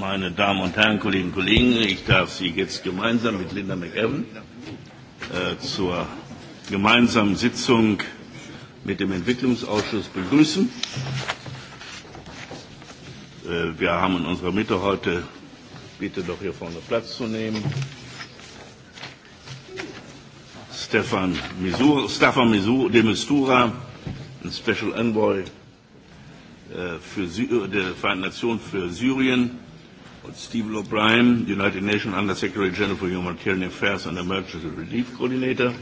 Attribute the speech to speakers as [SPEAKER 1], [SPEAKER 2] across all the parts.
[SPEAKER 1] Meine Damen und Herren, Kolleginnen und Kollegen, ich darf Sie jetzt gemeinsam mit Linda McEwan äh, zur gemeinsamen Sitzung mit dem Entwicklungsausschuss begrüßen. Äh, wir haben in unserer Mitte heute, bitte doch hier vorne Platz zu nehmen, Stefan Misura, Stefan Misur de Mistura, ein Special Envoy äh, für Sy äh, der Vereinten Nationen für Syrien Steve O'Brien, United Nations Under Secretary General for Humanitarian Affairs and Emergency Relief Coordinator.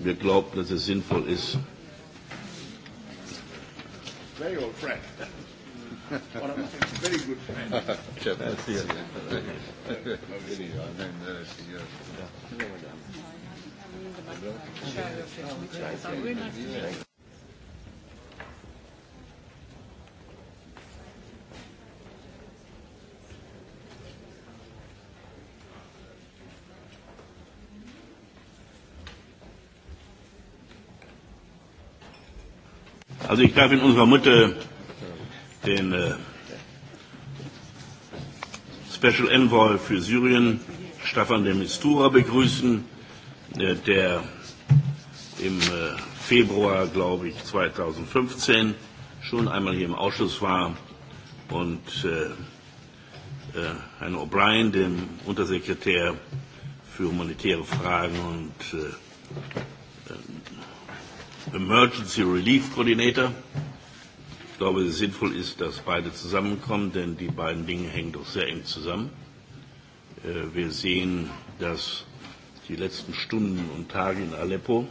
[SPEAKER 1] Wir glauben, dass es sinnvoll ist.
[SPEAKER 2] Very
[SPEAKER 3] old friend. very good friend.
[SPEAKER 1] Also ich darf in unserer Mitte den äh, Special Envoy für Syrien, Staffan de Mistura, begrüßen, äh, der im äh, Februar, glaube ich, 2015 schon einmal hier im Ausschuss war und äh, äh, Herrn O'Brien, dem Untersekretär für humanitäre Fragen und äh, äh Emergency Relief Coordinator. Ich glaube, sinnvoll ist, dass beide zusammenkommen, denn die beiden Dinge hängen doch sehr eng zusammen. Äh, wir sehen, dass die letzten Stunden und Tage in Aleppo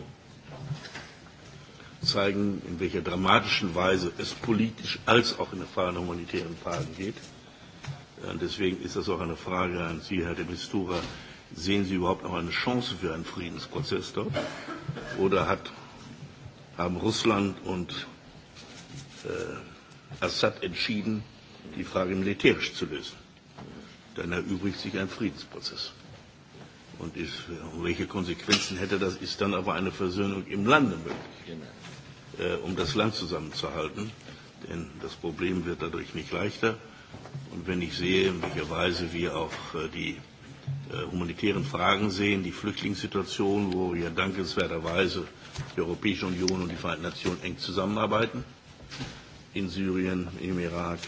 [SPEAKER 1] zeigen, in welcher dramatischen Weise es politisch als auch in der Frage der humanitären Fragen geht. Äh, und deswegen ist das auch eine Frage an Sie, Herr de Mistura. Sehen Sie überhaupt noch eine Chance für einen Friedensprozess dort? Oder hat haben Russland und äh, Assad entschieden, die Frage militärisch zu lösen. Dann erübrigt sich ein Friedensprozess. Und ist, äh, welche Konsequenzen hätte das, ist dann aber eine Versöhnung im Lande möglich, äh, um das Land zusammenzuhalten. Denn das Problem wird dadurch nicht leichter. Und wenn ich sehe, in welcher Weise wir auch äh, die äh, humanitären Fragen sehen, die Flüchtlingssituation, wo ja dankenswerterweise die Europäische Union und die Vereinten Nationen eng zusammenarbeiten. In Syrien, im Irak,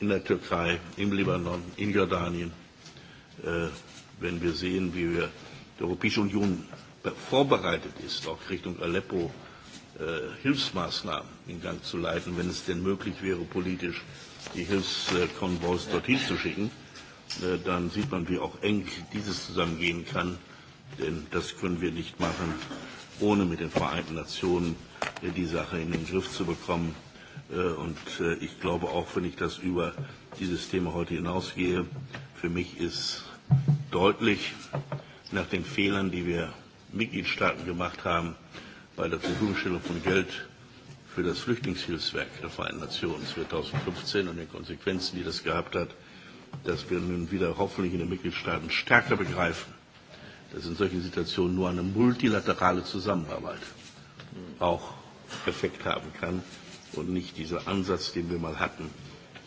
[SPEAKER 1] in der Türkei, im Libanon, in Jordanien. Äh, wenn wir sehen, wie wir, die Europäische Union vorbereitet ist, auch Richtung Aleppo äh, Hilfsmaßnahmen in Gang zu leiten, wenn es denn möglich wäre, politisch die Hilfskonvois dorthin zu schicken, äh, dann sieht man, wie auch eng dieses zusammengehen kann. Denn das können wir nicht machen, ohne mit den Vereinten Nationen äh, die Sache in den Griff zu bekommen. Äh, und äh, ich glaube auch, wenn ich das über dieses Thema heute hinausgehe, für mich ist deutlich nach den Fehlern, die wir Mitgliedstaaten gemacht haben bei der Zurverfügungstellung von Geld für das Flüchtlingshilfswerk der Vereinten Nationen 2015 und den Konsequenzen, die das gehabt hat, dass wir nun wieder hoffentlich in den Mitgliedstaaten stärker begreifen, dass in solchen Situationen nur eine multilaterale Zusammenarbeit auch Effekt haben kann und nicht dieser Ansatz, den wir mal hatten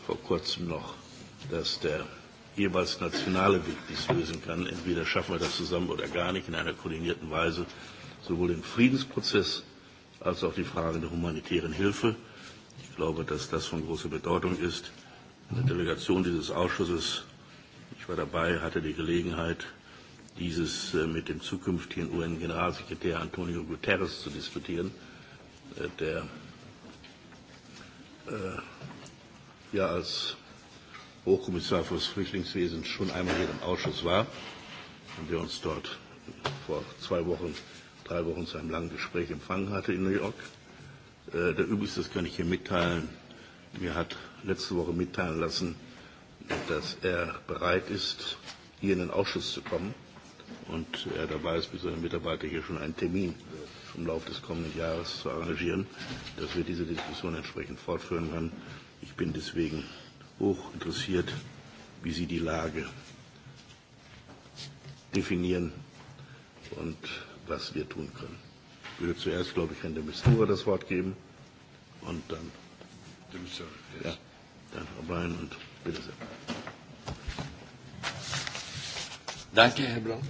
[SPEAKER 1] vor kurzem noch, dass der jeweils nationale Weg dies lösen kann. Entweder schaffen wir das zusammen oder gar nicht in einer koordinierten Weise, sowohl den Friedensprozess als auch die Frage der humanitären Hilfe. Ich glaube, dass das von großer Bedeutung ist. Eine Delegation dieses Ausschusses, ich war dabei, hatte die Gelegenheit, dieses äh, mit dem zukünftigen UN-Generalsekretär Antonio Guterres zu diskutieren, äh, der äh, ja als Hochkommissar für das Flüchtlingswesen schon einmal hier im Ausschuss war und der uns dort vor zwei Wochen, drei Wochen zu einem langen Gespräch empfangen hatte in New York. der Übrigens, das kann ich hier mitteilen, mir hat letzte Woche mitteilen lassen, dass er bereit ist, hier in den Ausschuss zu kommen und er dabei ist, mit seinen Mitarbeitern hier schon einen Termin im Laufe des kommenden Jahres zu arrangieren, dass wir diese Diskussion entsprechend fortführen können. Ich bin deswegen hoch interessiert, wie Sie die Lage definieren und was wir tun können. Ich würde zuerst, glaube ich, Herrn de Mistura das Wort geben und dann. De Mistura, yes. ja, dann Herr und bitte sehr.
[SPEAKER 4] Danke, Herr Blank.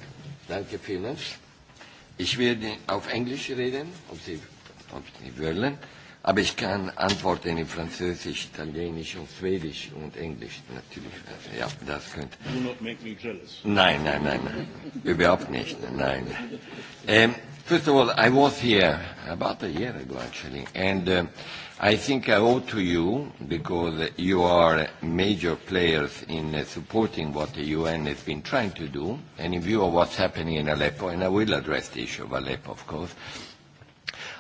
[SPEAKER 4] Danke vielmals. Ich werde auf Englisch reden, ob Sie, ob Sie wollen, aber ich kann antworten in Französisch, Italienisch und Schwedisch und Englisch natürlich. Also, ja, das könnte. Do not make me jealous. Nein, nein, nein, nein. überhaupt nicht. Nein. Um, first of all, I was here about a year ago actually, and uh, i think I owe to you, because you are major players in uh, supporting what the UN has been trying to do, and in view of what's happening in Aleppo, and I will address the issue of Aleppo, of course,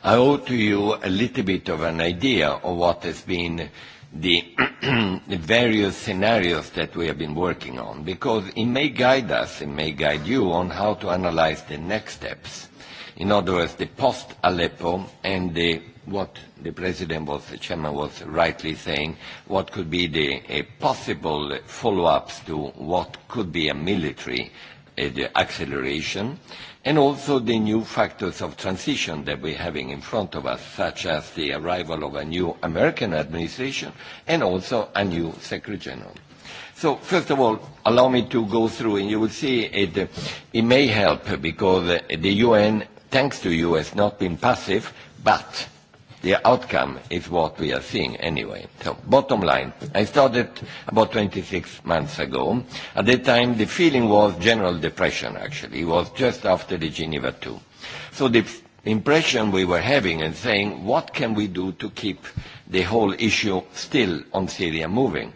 [SPEAKER 4] I owe to you a little bit of an idea of what has been the various scenarios that we have been working on, because it may guide us, it may guide you on how to analyze the next steps. In other words, the post-Aleppo and the what the president was, the chairman was rightly saying, what could be the a possible follow-ups to what could be a military uh, the acceleration, and also the new factors of transition that we're having in front of us, such as the arrival of a new American administration and also a new Secretary General. So first of all, allow me to go through, and you will see it, it may help because the UN, thanks to you, has not been passive, but the outcome is what we are seeing anyway. So bottom line, I started about 26 months ago. At that time, the feeling was general depression, actually. It was just after the Geneva II. So the impression we were having and saying, what can we do to keep the whole issue still on Syria moving?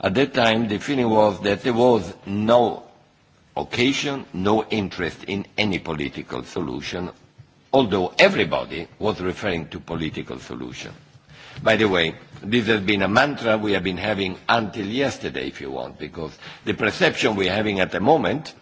[SPEAKER 4] At that time, the feeling was that there was no occasion, no interest in any political solution although everybody was referring to political solution. By the way, this has been a mantra we have been having until yesterday, if you want, because the perception we're having at the moment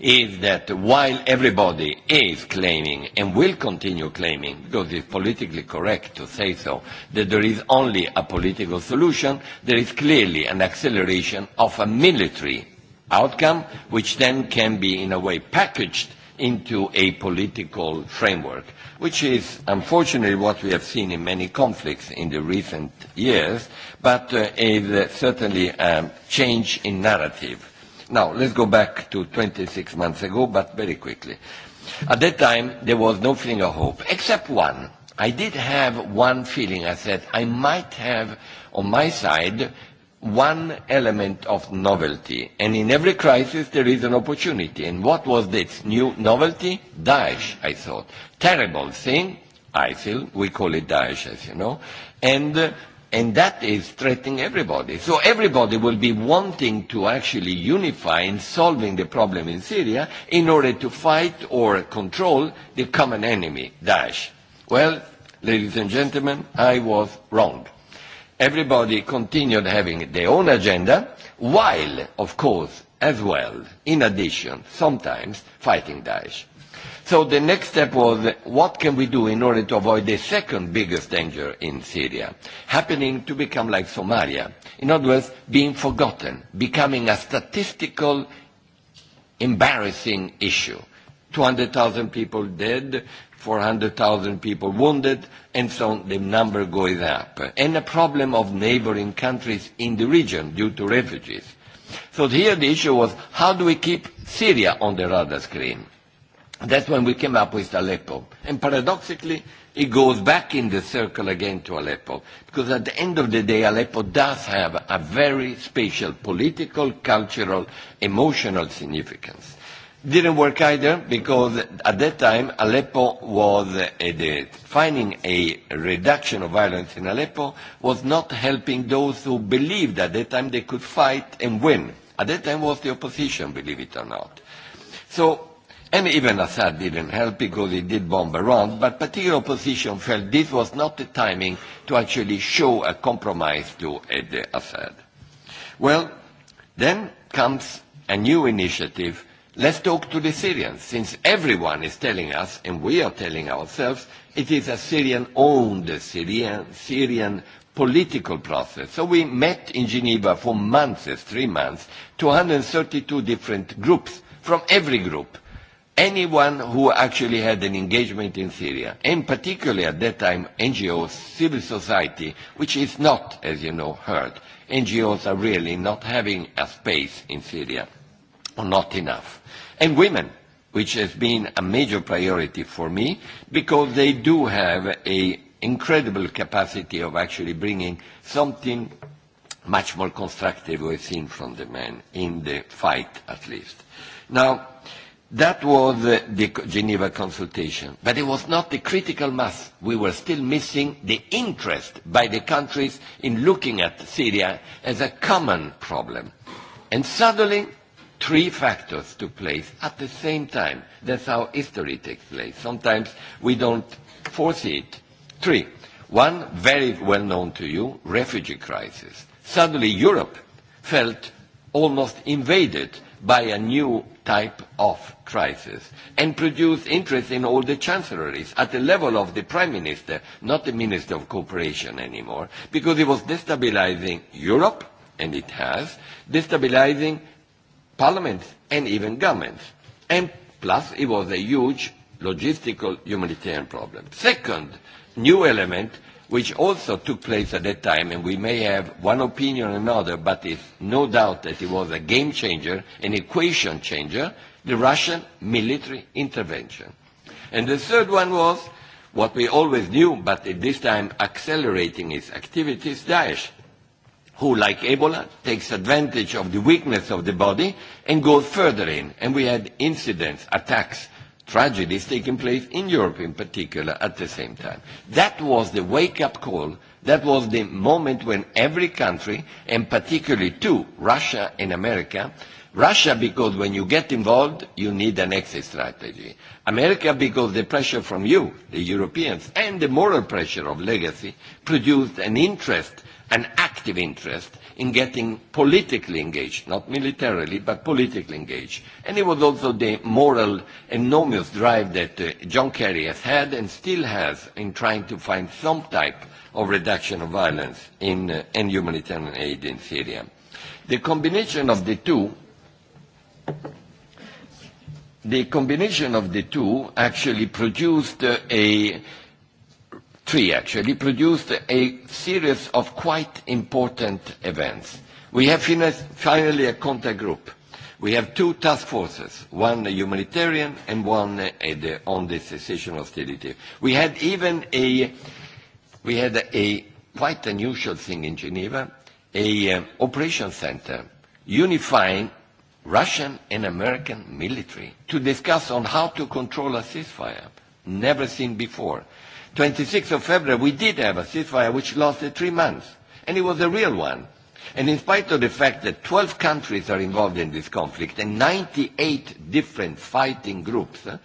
[SPEAKER 4] is that while everybody is claiming and will continue claiming, because it's politically correct to say so, that there is only a political solution, there is clearly an acceleration of a military outcome, which then can be in a way packaged into a political framework, which is unfortunately what we have seen in many conflicts in the recent years, but uh, is uh, certainly a um, change in narrative. Now, let's go back to 26 months ago, but very quickly. At that time, there was no feeling of hope, except one. I did have one feeling. I said, I might have on my side one element of novelty. And in every crisis, there is an opportunity. And what was this new novelty? Daesh, I thought. Terrible thing, ISIL. We call it Daesh, as you know. And, uh, and that is threatening everybody. So everybody will be wanting to actually unify in solving the problem in Syria in order to fight or control the common enemy, Daesh. Well, ladies and gentlemen, I was wrong everybody continued having their own agenda, while, of course, as well, in addition, sometimes fighting Daesh. So the next step was, what can we do in order to avoid the second biggest danger in Syria, happening to become like Somalia? In other words, being forgotten, becoming a statistical, embarrassing issue. 200,000 people dead, 400,000 people wounded, and so on. The number goes up. And a problem of neighboring countries in the region due to refugees. So here the issue was how do we keep Syria on the radar screen? That's when we came up with Aleppo. And paradoxically, it goes back in the circle again to Aleppo. Because at the end of the day, Aleppo does have a very special political, cultural, emotional significance didn't work either because at that time Aleppo was uh, the, finding a reduction of violence in Aleppo was not helping those who believed at that time they could fight and win. At that time was the opposition, believe it or not. So, and even Assad didn't help because he did bomb Iran, but particular opposition felt this was not the timing to actually show a compromise to uh, Assad. Well, then comes a new initiative Let's talk to the Syrians, since everyone is telling us, and we are telling ourselves, it is a Syrian-owned, Syrian, Syrian political process. So we met in Geneva for months, three months, 232 different groups from every group. Anyone who actually had an engagement in Syria, and particularly at that time NGOs, civil society, which is not, as you know, heard. NGOs are really not having a space in Syria, or not enough and women, which has been a major priority for me because they do have an incredible capacity of actually bringing something much more constructive we've seen from the men in the fight, at least. Now, that was the, the Geneva consultation, but it was not the critical mass. We were still missing the interest by the countries in looking at Syria as a common problem. And suddenly, three factors took place at the same time. That's how history takes place. Sometimes we don't foresee it. Three. One, very well known to you, refugee crisis. Suddenly Europe felt almost invaded by a new type of crisis and produced interest in all the chancelleries at the level of the prime minister, not the minister of cooperation anymore, because it was destabilizing Europe, and it has, destabilizing parliament and even governments. And plus, it was a huge logistical humanitarian problem. Second, new element, which also took place at that time, and we may have one opinion or another, but it's no doubt that it was a game changer, an equation changer, the Russian military intervention. And the third one was what we always knew, but at this time accelerating its activities, Daesh who, like Ebola, takes advantage of the weakness of the body and goes further in. And we had incidents, attacks, tragedies taking place in Europe in particular at the same time. That was the wake-up call. That was the moment when every country, and particularly two, Russia and America, Russia because when you get involved, you need an exit strategy. America because the pressure from you, the Europeans, and the moral pressure of legacy produced an interest an active interest in getting politically engaged, not militarily, but politically engaged. And it was also the moral, enormous drive that uh, John Kerry has had and still has in trying to find some type of reduction of violence in, uh, in humanitarian aid in Syria. The combination of the two the combination of the two actually produced uh, a three actually, produced a series of quite important events. We have finally a contact group. We have two task forces, one humanitarian and one the, on the cessation hostility. We had even a, we had a quite unusual thing in Geneva, a um, operation center unifying Russian and American military to discuss on how to control a ceasefire, never seen before. 26th of February, we did have a ceasefire which lasted three months, and it was a real one. And in spite of the fact that 12 countries are involved in this conflict and 98 different fighting groups, uh,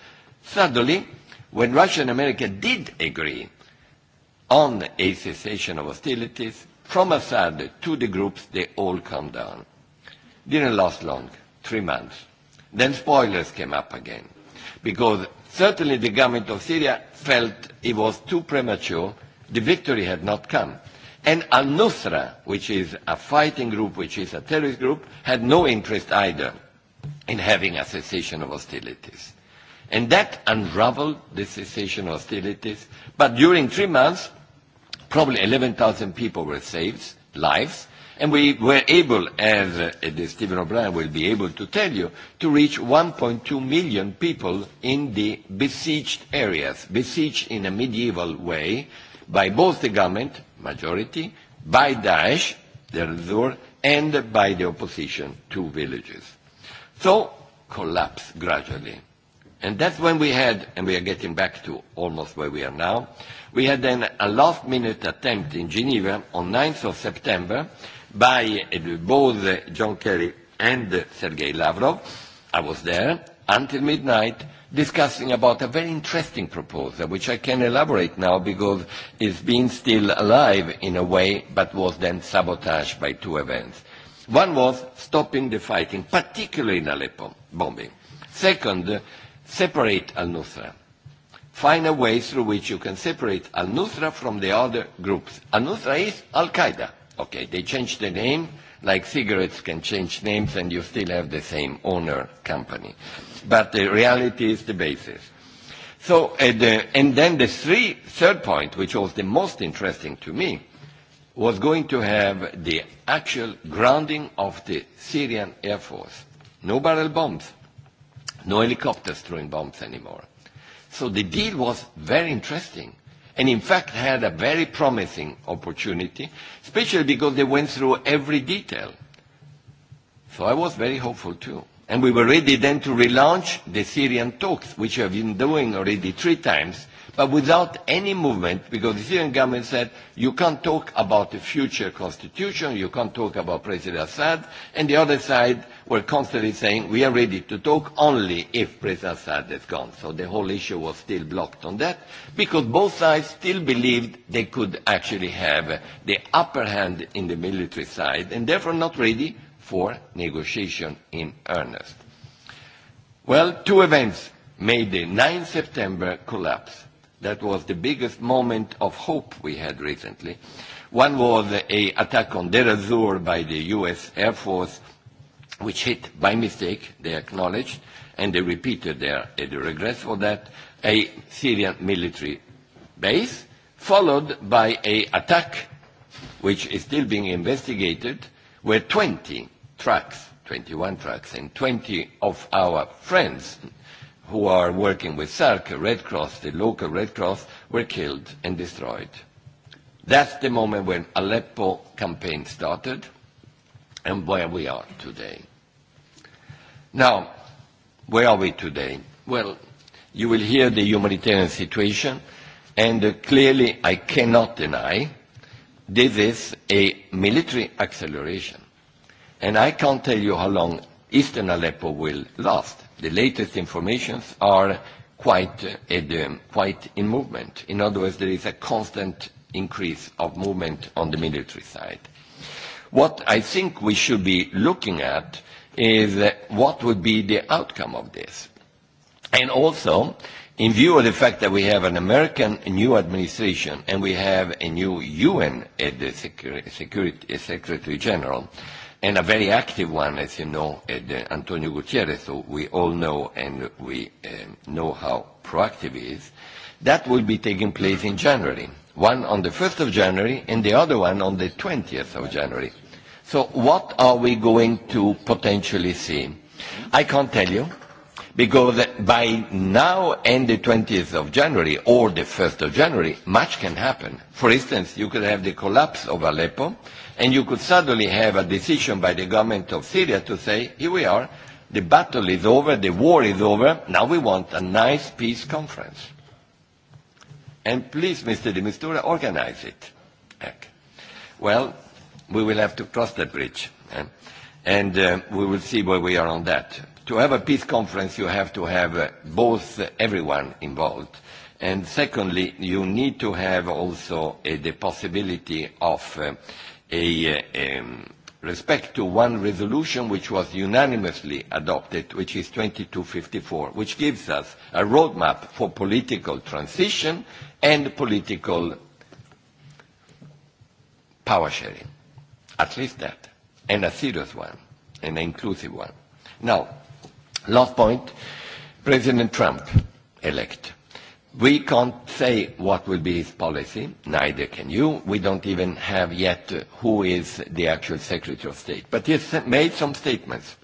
[SPEAKER 4] suddenly, when Russia and America did agree on a cessation of hostilities, from Assad to the groups, they all calmed down. Didn't last long, three months. Then spoilers came up again, because Certainly the government of Syria felt it was too premature. The victory had not come. And al-Nusra, which is a fighting group, which is a terrorist group, had no interest either in having a cessation of hostilities. And that unraveled the cessation of hostilities. But during three months, probably 11,000 people were saved, lives, And we were able, as uh, Stephen O'Brien will be able to tell you, to reach 1.2 million people in the besieged areas, besieged in a medieval way by both the government, majority, by Daesh, the resort, and by the opposition, two villages. So, collapse gradually. And that's when we had, and we are getting back to almost where we are now, we had then a last-minute attempt in Geneva on 9th of September by both John Kerry and Sergei Lavrov. I was there until midnight discussing about a very interesting proposal, which I can elaborate now because it's been still alive in a way, but was then sabotaged by two events. One was stopping the fighting, particularly in Aleppo bombing. Second, separate al-Nusra. Find a way through which you can separate al-Nusra from the other groups. Al-Nusra is al-Qaeda Okay, they changed the name, like cigarettes can change names and you still have the same owner company. But the reality is the basis. So, uh, the, and then the three, third point, which was the most interesting to me, was going to have the actual grounding of the Syrian Air Force. No barrel bombs, no helicopters throwing bombs anymore. So the deal was very interesting and in fact had a very promising opportunity, especially because they went through every detail. So I was very hopeful too. And we were ready then to relaunch the Syrian talks, which we have been doing already three times, but without any movement, because the Syrian government said, you can't talk about the future constitution, you can't talk about President Assad, and the other side were constantly saying, we are ready to talk only if President Assad is gone. So the whole issue was still blocked on that, because both sides still believed they could actually have the upper hand in the military side, and therefore not ready for negotiation in earnest. Well, two events made the 9 th September collapse. That was the biggest moment of hope we had recently. One was a attack on Deir by the U.S. Air Force which hit by mistake, they acknowledged, and they repeated their, their regret for that, a Syrian military base, followed by an attack which is still being investigated, where 20 trucks, 21 trucks, and 20 of our friends who are working with SARC, Red Cross, the local Red Cross, were killed and destroyed. That's the moment when Aleppo campaign started, and where we are today. Now, where are we today? Well, you will hear the humanitarian situation, and uh, clearly I cannot deny this is a military acceleration. And I can't tell you how long eastern Aleppo will last. The latest informations are quite, uh, at, um, quite in movement. In other words, there is a constant increase of movement on the military side. What I think we should be looking at is uh, what would be the outcome of this. also, in view of the fact that we have an American new administration and we have a new UN uh, uh, Secretary General, and a very active one, as you know, at the Antonio Gutierrez, who we all know and we um, know how proactive he is, that will be taking place in January one on the 1st of January and the other one on the 20th of January. So what are we going to potentially see? I can't tell you, because by now and the 20th of January or the 1st of January, much can happen. For instance, you could have the collapse of Aleppo, and you could suddenly have a decision by the government of Syria to say, here we are, the battle is over, the war is over, now we want a nice peace conference. And please, Mr. de Mistura, organize it. Okay. Well, we will have to cross that bridge. Eh? And uh, we will see where we are on that. To have a peace conference, you have to have uh, both uh, everyone involved. And secondly, you need to have also uh, the possibility of uh, a uh, um, respect to one resolution which was unanimously adopted, which is 2254, which gives us a roadmap for political transition and political power sharing. At least that. And a serious one. And an inclusive one. Now, last point. President Trump elect. We can't say what will be his policy, neither can you. We don't even have yet who is the actual Secretary of State. But he has made some statements.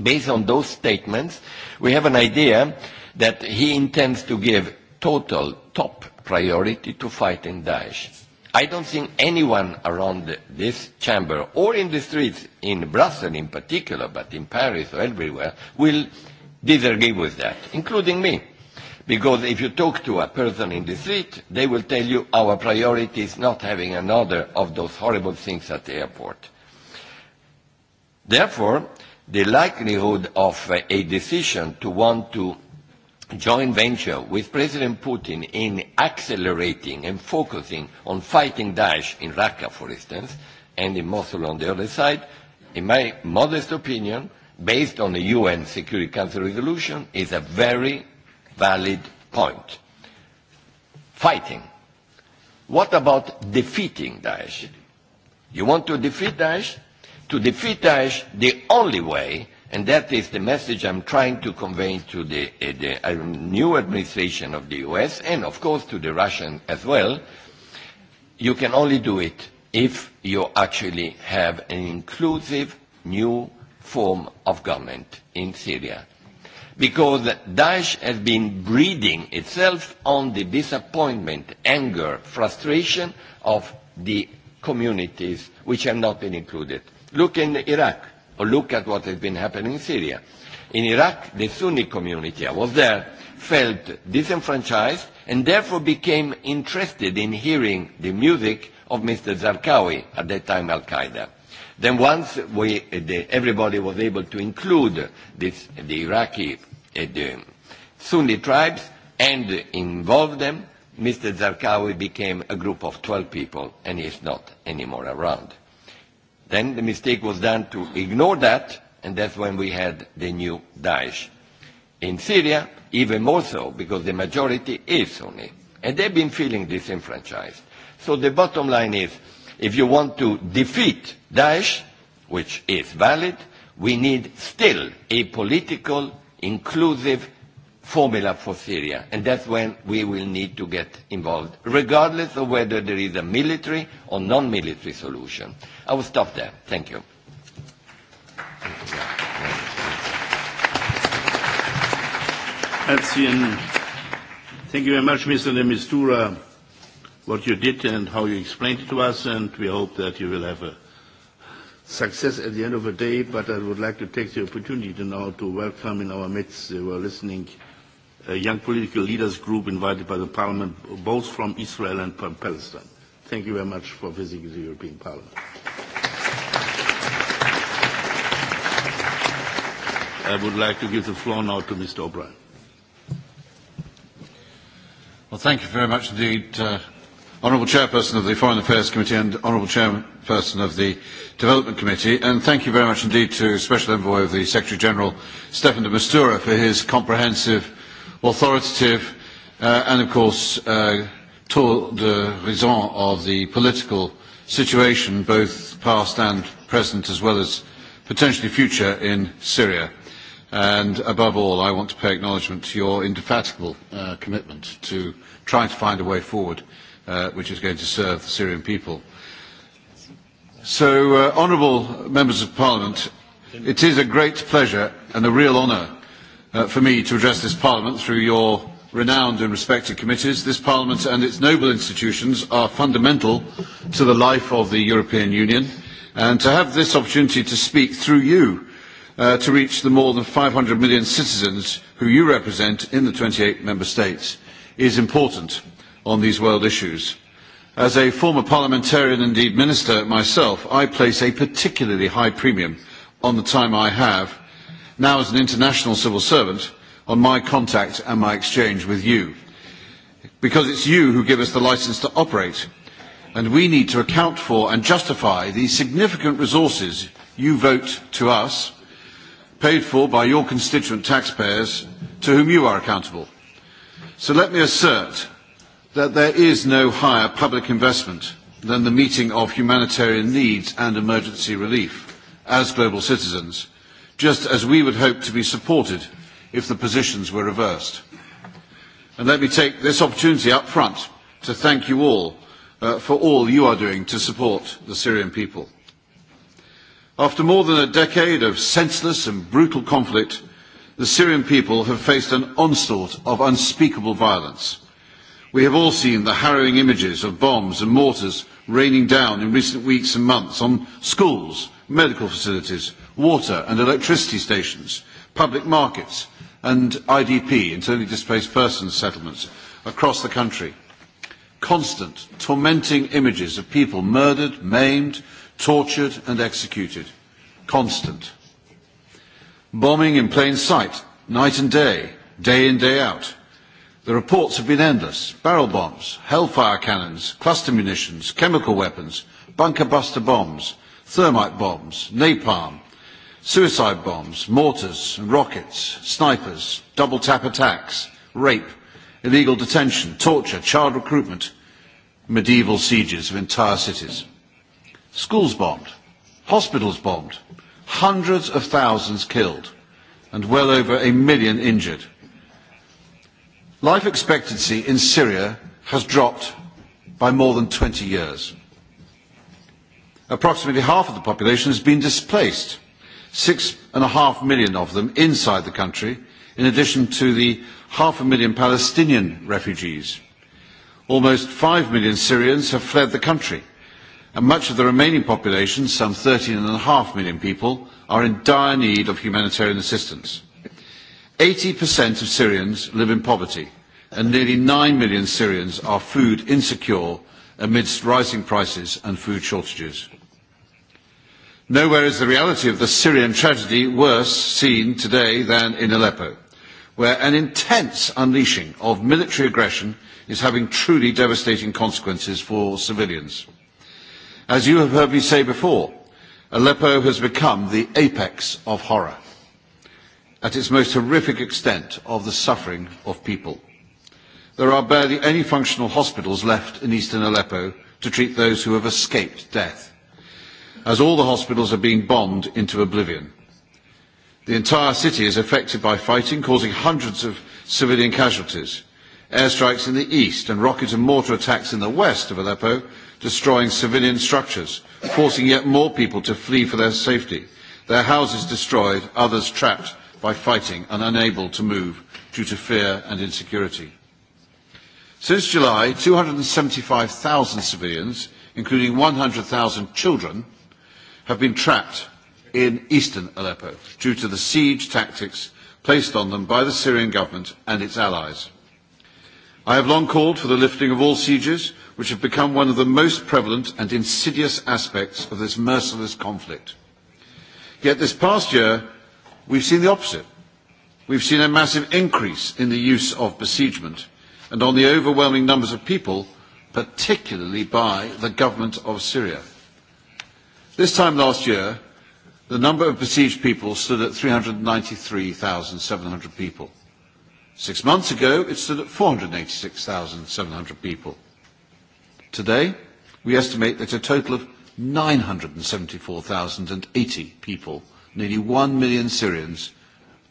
[SPEAKER 4] Based on those statements, we have an idea that he intends to give total top priority to fighting Daesh. I don't think anyone around this chamber or in the streets in Brussels in particular, but in Paris or everywhere, will disagree with that, including me. Because if you talk to a person in the street, they will tell you our priority is not having another of those horrible things at the airport. Therefore, the likelihood of a decision to want to joint venture with President Putin in accelerating and focusing on fighting Daesh in Raqqa, for instance, and in Mosul on the other side, in my modest opinion, based on the UN Security Council resolution, is a very valid point. Fighting. What about defeating Daesh? You want to defeat Daesh? To defeat Daesh, the only way And that is the message I'm trying to convey to the, uh, the uh, new administration of the US and, of course, to the Russian as well. You can only do it if you actually have an inclusive new form of government in Syria. Because Daesh has been breeding itself on the disappointment, anger, frustration of the communities which have not been included. Look in Iraq or oh, look at what has been happening in Syria. In Iraq, the Sunni community, I was there, felt disenfranchised and therefore became interested in hearing the music of Mr. Zarqawi, at that time Al-Qaeda. Then once we, eh, the, everybody was able to include this, the Iraqi uh, the Sunni tribes and involve them, Mr. Zarqawi became a group of 12 people and he is not anymore around. Then the mistake was done to ignore that, and that's when we had the new Daesh. In Syria, even more so, because the majority is Sunni. And they've been feeling disenfranchised. So the bottom line is, if you want to defeat Daesh, which is valid, we need still a political, inclusive formula for Syria. And that's when we will need to get involved, regardless of whether there is a military or non-military solution.
[SPEAKER 1] I will stop there. Thank you. Herzlichen Thank you very much, Mr. de Mistura, what you did and how you explained it to us, and we hope that you will have a success at the end of the day. But I would like to take the opportunity to now to welcome in our midst, they were listening young political leaders group invited by the Parliament, both from Israel and from Palestine. Thank you very much for visiting the European Parliament. I would like to give the floor now to Mr. O'Brien. Well,
[SPEAKER 5] thank you very much indeed, uh, Honourable Chairperson of the Foreign Affairs Committee and Honourable Chairperson of the Development Committee, and thank you very much indeed to Special Envoy of the Secretary-General, Stefan de Mistura, for his comprehensive authoritative, uh, and of course, uh, tour de raison of the political situation, both past and present, as well as potentially future in Syria. And above all, I want to pay acknowledgement to your indefatigable uh, commitment to trying to find a way forward uh, which is going to serve the Syrian people. So, uh, honourable members of parliament, it is a great pleasure and a real honour uh, for me to address this Parliament through your renowned and respected committees. This Parliament and its noble institutions are fundamental to the life of the European Union, and to have this opportunity to speak through you uh, to reach the more than 500 million citizens who you represent in the 28 member states is important on these world issues. As a former parliamentarian, indeed minister myself, I place a particularly high premium on the time I have now as an international civil servant, on my contact and my exchange with you. Because it's you who give us the license to operate, and we need to account for and justify the significant resources you vote to us, paid for by your constituent taxpayers, to whom you are accountable. So let me assert that there is no higher public investment than the meeting of humanitarian needs and emergency relief as global citizens – just as we would hope to be supported if the positions were reversed. And let me take this opportunity up front to thank you all uh, for all you are doing to support the Syrian people. After more than a decade of senseless and brutal conflict, the Syrian people have faced an onslaught of unspeakable violence. We have all seen the harrowing images of bombs and mortars raining down in recent weeks and months on schools, medical facilities, water and electricity stations, public markets, and IDP, internally displaced persons settlements, across the country. Constant, tormenting images of people murdered, maimed, tortured, and executed. Constant. Bombing in plain sight, night and day, day in, day out. The reports have been endless. Barrel bombs, hellfire cannons, cluster munitions, chemical weapons, bunker buster bombs, thermite bombs, napalm, Suicide bombs, mortars and rockets, snipers, double tap attacks, rape, illegal detention, torture, child recruitment, medieval sieges of entire cities. Schools bombed, hospitals bombed, hundreds of thousands killed, and well over a million injured. Life expectancy in Syria has dropped by more than 20 years. Approximately half of the population has been displaced six and a half million of them inside the country, in addition to the half a million Palestinian refugees. Almost five million Syrians have fled the country, and much of the remaining population, some and a half million people, are in dire need of humanitarian assistance. 80% of Syrians live in poverty, and nearly 9 million Syrians are food insecure amidst rising prices and food shortages. Nowhere is the reality of the Syrian tragedy worse seen today than in Aleppo, where an intense unleashing of military aggression is having truly devastating consequences for civilians. As you have heard me say before, Aleppo has become the apex of horror, at its most horrific extent of the suffering of people. There are barely any functional hospitals left in eastern Aleppo to treat those who have escaped death as all the hospitals are being bombed into oblivion. The entire city is affected by fighting, causing hundreds of civilian casualties. Airstrikes in the east and rocket and mortar attacks in the west of Aleppo destroying civilian structures, forcing yet more people to flee for their safety, their houses destroyed, others trapped by fighting and unable to move due to fear and insecurity. Since July, 275,000 civilians, including 100,000 children, have been trapped in eastern Aleppo due to the siege tactics placed on them by the Syrian government and its allies. I have long called for the lifting of all sieges, which have become one of the most prevalent and insidious aspects of this merciless conflict. Yet this past year, we've seen the opposite. We've seen a massive increase in the use of besiegement and on the overwhelming numbers of people, particularly by the government of Syria. This time last year, the number of besieged people stood at 393,700 people. Six months ago, it stood at 486,700 people. Today, we estimate that a total of 974,080 people, nearly one million Syrians,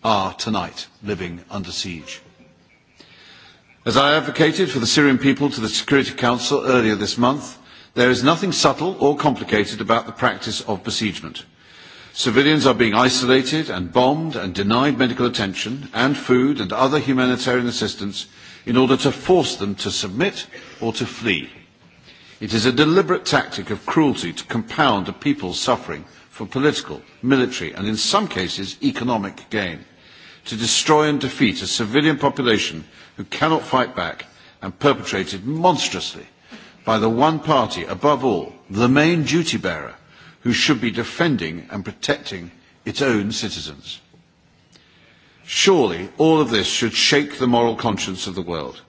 [SPEAKER 5] are tonight living under siege. As I advocated for the Syrian people to the Security Council earlier this month, There is nothing subtle or complicated about the practice of besiegement. Civilians are being isolated and bombed and denied medical attention and food and other humanitarian assistance in order to force them to submit or to flee. It is a deliberate tactic of cruelty to compound a people's suffering for political, military and in some cases economic gain, to destroy and defeat a civilian population who cannot fight back and perpetrated monstrously by the one party, above all, the main duty bearer, who should be defending and protecting its own citizens. Surely all of this should shake the moral conscience of the world.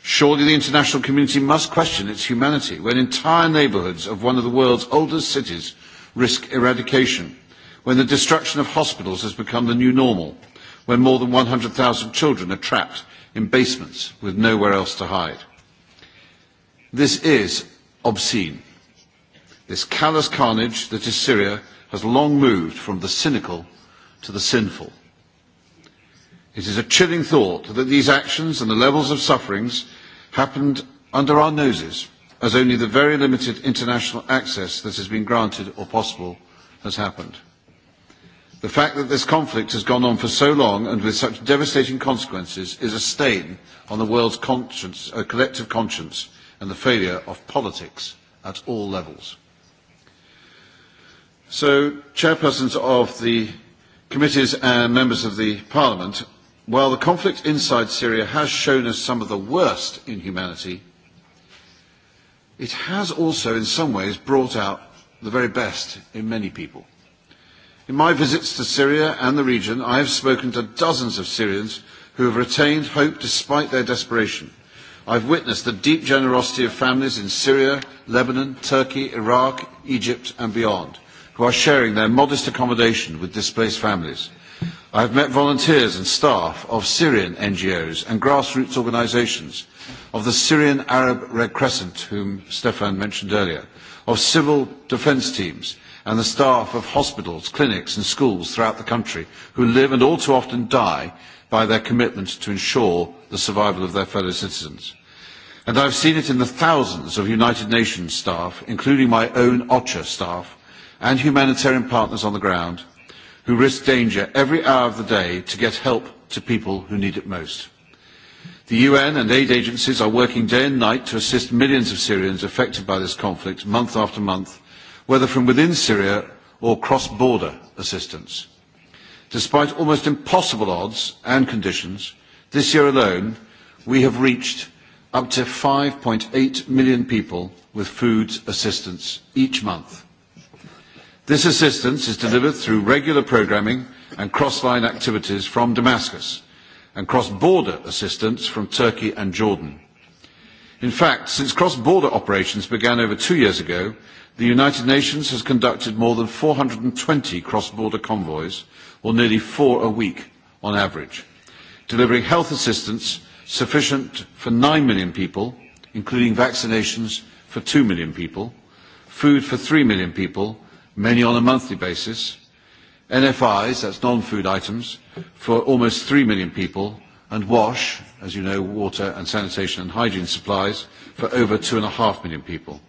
[SPEAKER 5] Surely the international community must question its humanity when entire neighbourhoods of one of the world's oldest cities risk eradication, when the destruction of hospitals has become the new normal, when more than 100,000 children are trapped in basements with nowhere else to hide. This is obscene. This callous carnage that is Syria has long moved from the cynical to the sinful. It is a chilling thought that these actions and the levels of sufferings happened under our noses, as only the very limited international access that has been granted or possible has happened. The fact that this conflict has gone on for so long and with such devastating consequences is a stain on the world's conscience, uh, collective conscience and the failure of politics at all levels. So, chairpersons of the committees and members of the Parliament, while the conflict inside Syria has shown us some of the worst inhumanity, it has also in some ways brought out the very best in many people. In my visits to Syria and the region, I have spoken to dozens of Syrians who have retained hope despite their desperation – I've witnessed the deep generosity of families in Syria, Lebanon, Turkey, Iraq, Egypt and beyond, who are sharing their modest accommodation with displaced families. I have met volunteers and staff of Syrian NGOs and grassroots organisations, of the Syrian Arab Red Crescent, whom Stefan mentioned earlier, of civil defence teams and the staff of hospitals, clinics and schools throughout the country who live and all too often die by their commitment to ensure the survival of their fellow citizens. And I've seen it in the thousands of United Nations staff, including my own OCHA staff, and humanitarian partners on the ground, who risk danger every hour of the day to get help to people who need it most. The UN and aid agencies are working day and night to assist millions of Syrians affected by this conflict month after month, whether from within Syria or cross-border assistance. Despite almost impossible odds and conditions, this year alone, we have reached up to 5.8 million people with food assistance each month. This assistance is delivered through regular programming and cross-line activities from Damascus and cross-border assistance from Turkey and Jordan. In fact, since cross-border operations began over two years ago, the United Nations has conducted more than 420 cross-border convoys or nearly four a week on average, delivering health assistance sufficient for 9 million people, including vaccinations for 2 million people, food for 3 million people, many on a monthly basis, NFIs, that's non-food items, for almost 3 million people, and WASH, as you know, water and sanitation and hygiene supplies, for over 2.5 million people.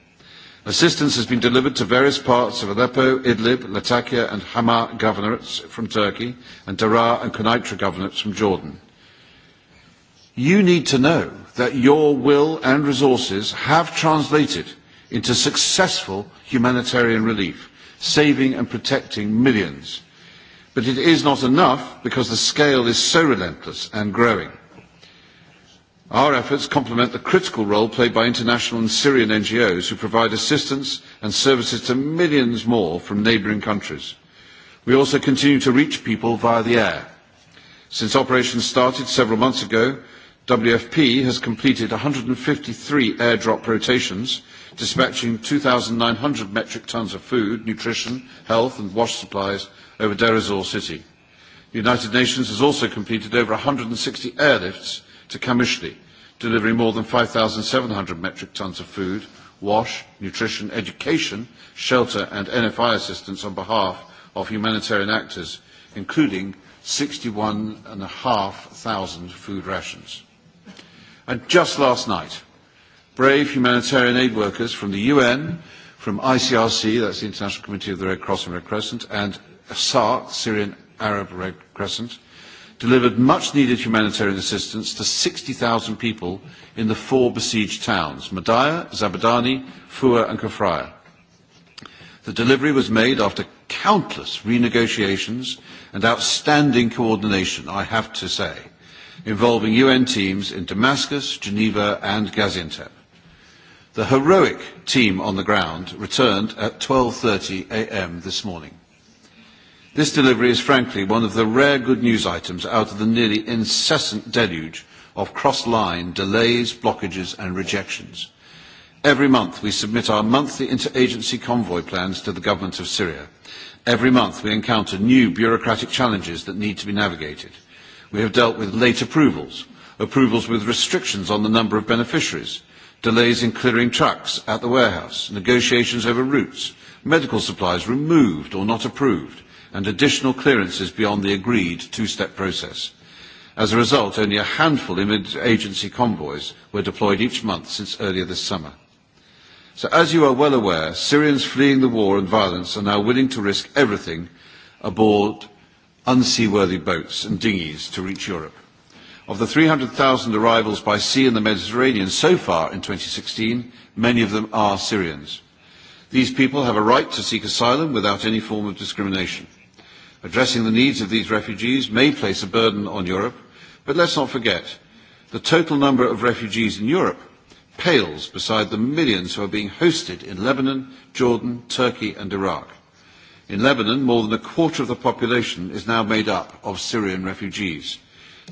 [SPEAKER 5] Assistance has been delivered to various parts of Aleppo, Idlib, Latakia and Hama governorates from Turkey and Daraa and Konaitra governorates from Jordan. You need to know that your will and resources have translated into successful humanitarian relief, saving and protecting millions. But it is not enough because the scale is so relentless and growing. Our efforts complement the critical role played by international and Syrian NGOs who provide assistance and services to millions more from neighbouring countries. We also continue to reach people via the air. Since operations started several months ago, WFP has completed 153 airdrop rotations, dispatching 2,900 metric tons of food, nutrition, health and wash supplies over Deir ez-Zor city. The United Nations has also completed over 160 airlifts to Kamishli, delivering more than 5,700 metric tons of food, wash, nutrition, education, shelter and NFI assistance on behalf of humanitarian actors, including 61,500 food rations. And just last night, brave humanitarian aid workers from the UN, from ICRC, that's the International Committee of the Red Cross and Red Crescent, and SARC, Syrian Arab Red Crescent, delivered much needed humanitarian assistance to 60,000 people in the four besieged towns, Madaya, Zabadani, Fua and Kafraya. The delivery was made after countless renegotiations and outstanding coordination, I have to say, involving UN teams in Damascus, Geneva and Gaziantep. The heroic team on the ground returned at 12.30 a.m. this morning. This delivery is frankly one of the rare good news items out of the nearly incessant deluge of cross-line delays, blockages and rejections. Every month we submit our monthly interagency convoy plans to the government of Syria. Every month we encounter new bureaucratic challenges that need to be navigated. We have dealt with late approvals, approvals with restrictions on the number of beneficiaries, delays in clearing trucks at the warehouse, negotiations over routes, medical supplies removed or not approved, and additional clearances beyond the agreed two-step process. As a result, only a handful of agency convoys were deployed each month since earlier this summer. So as you are well aware, Syrians fleeing the war and violence are now willing to risk everything aboard unseaworthy boats and dinghies to reach Europe. Of the 300,000 arrivals by sea in the Mediterranean so far in 2016, many of them are Syrians. These people have a right to seek asylum without any form of discrimination. Addressing the needs of these refugees may place a burden on Europe, but let's not forget the total number of refugees in Europe pales beside the millions who are being hosted in Lebanon, Jordan, Turkey and Iraq. In Lebanon, more than a quarter of the population is now made up of Syrian refugees.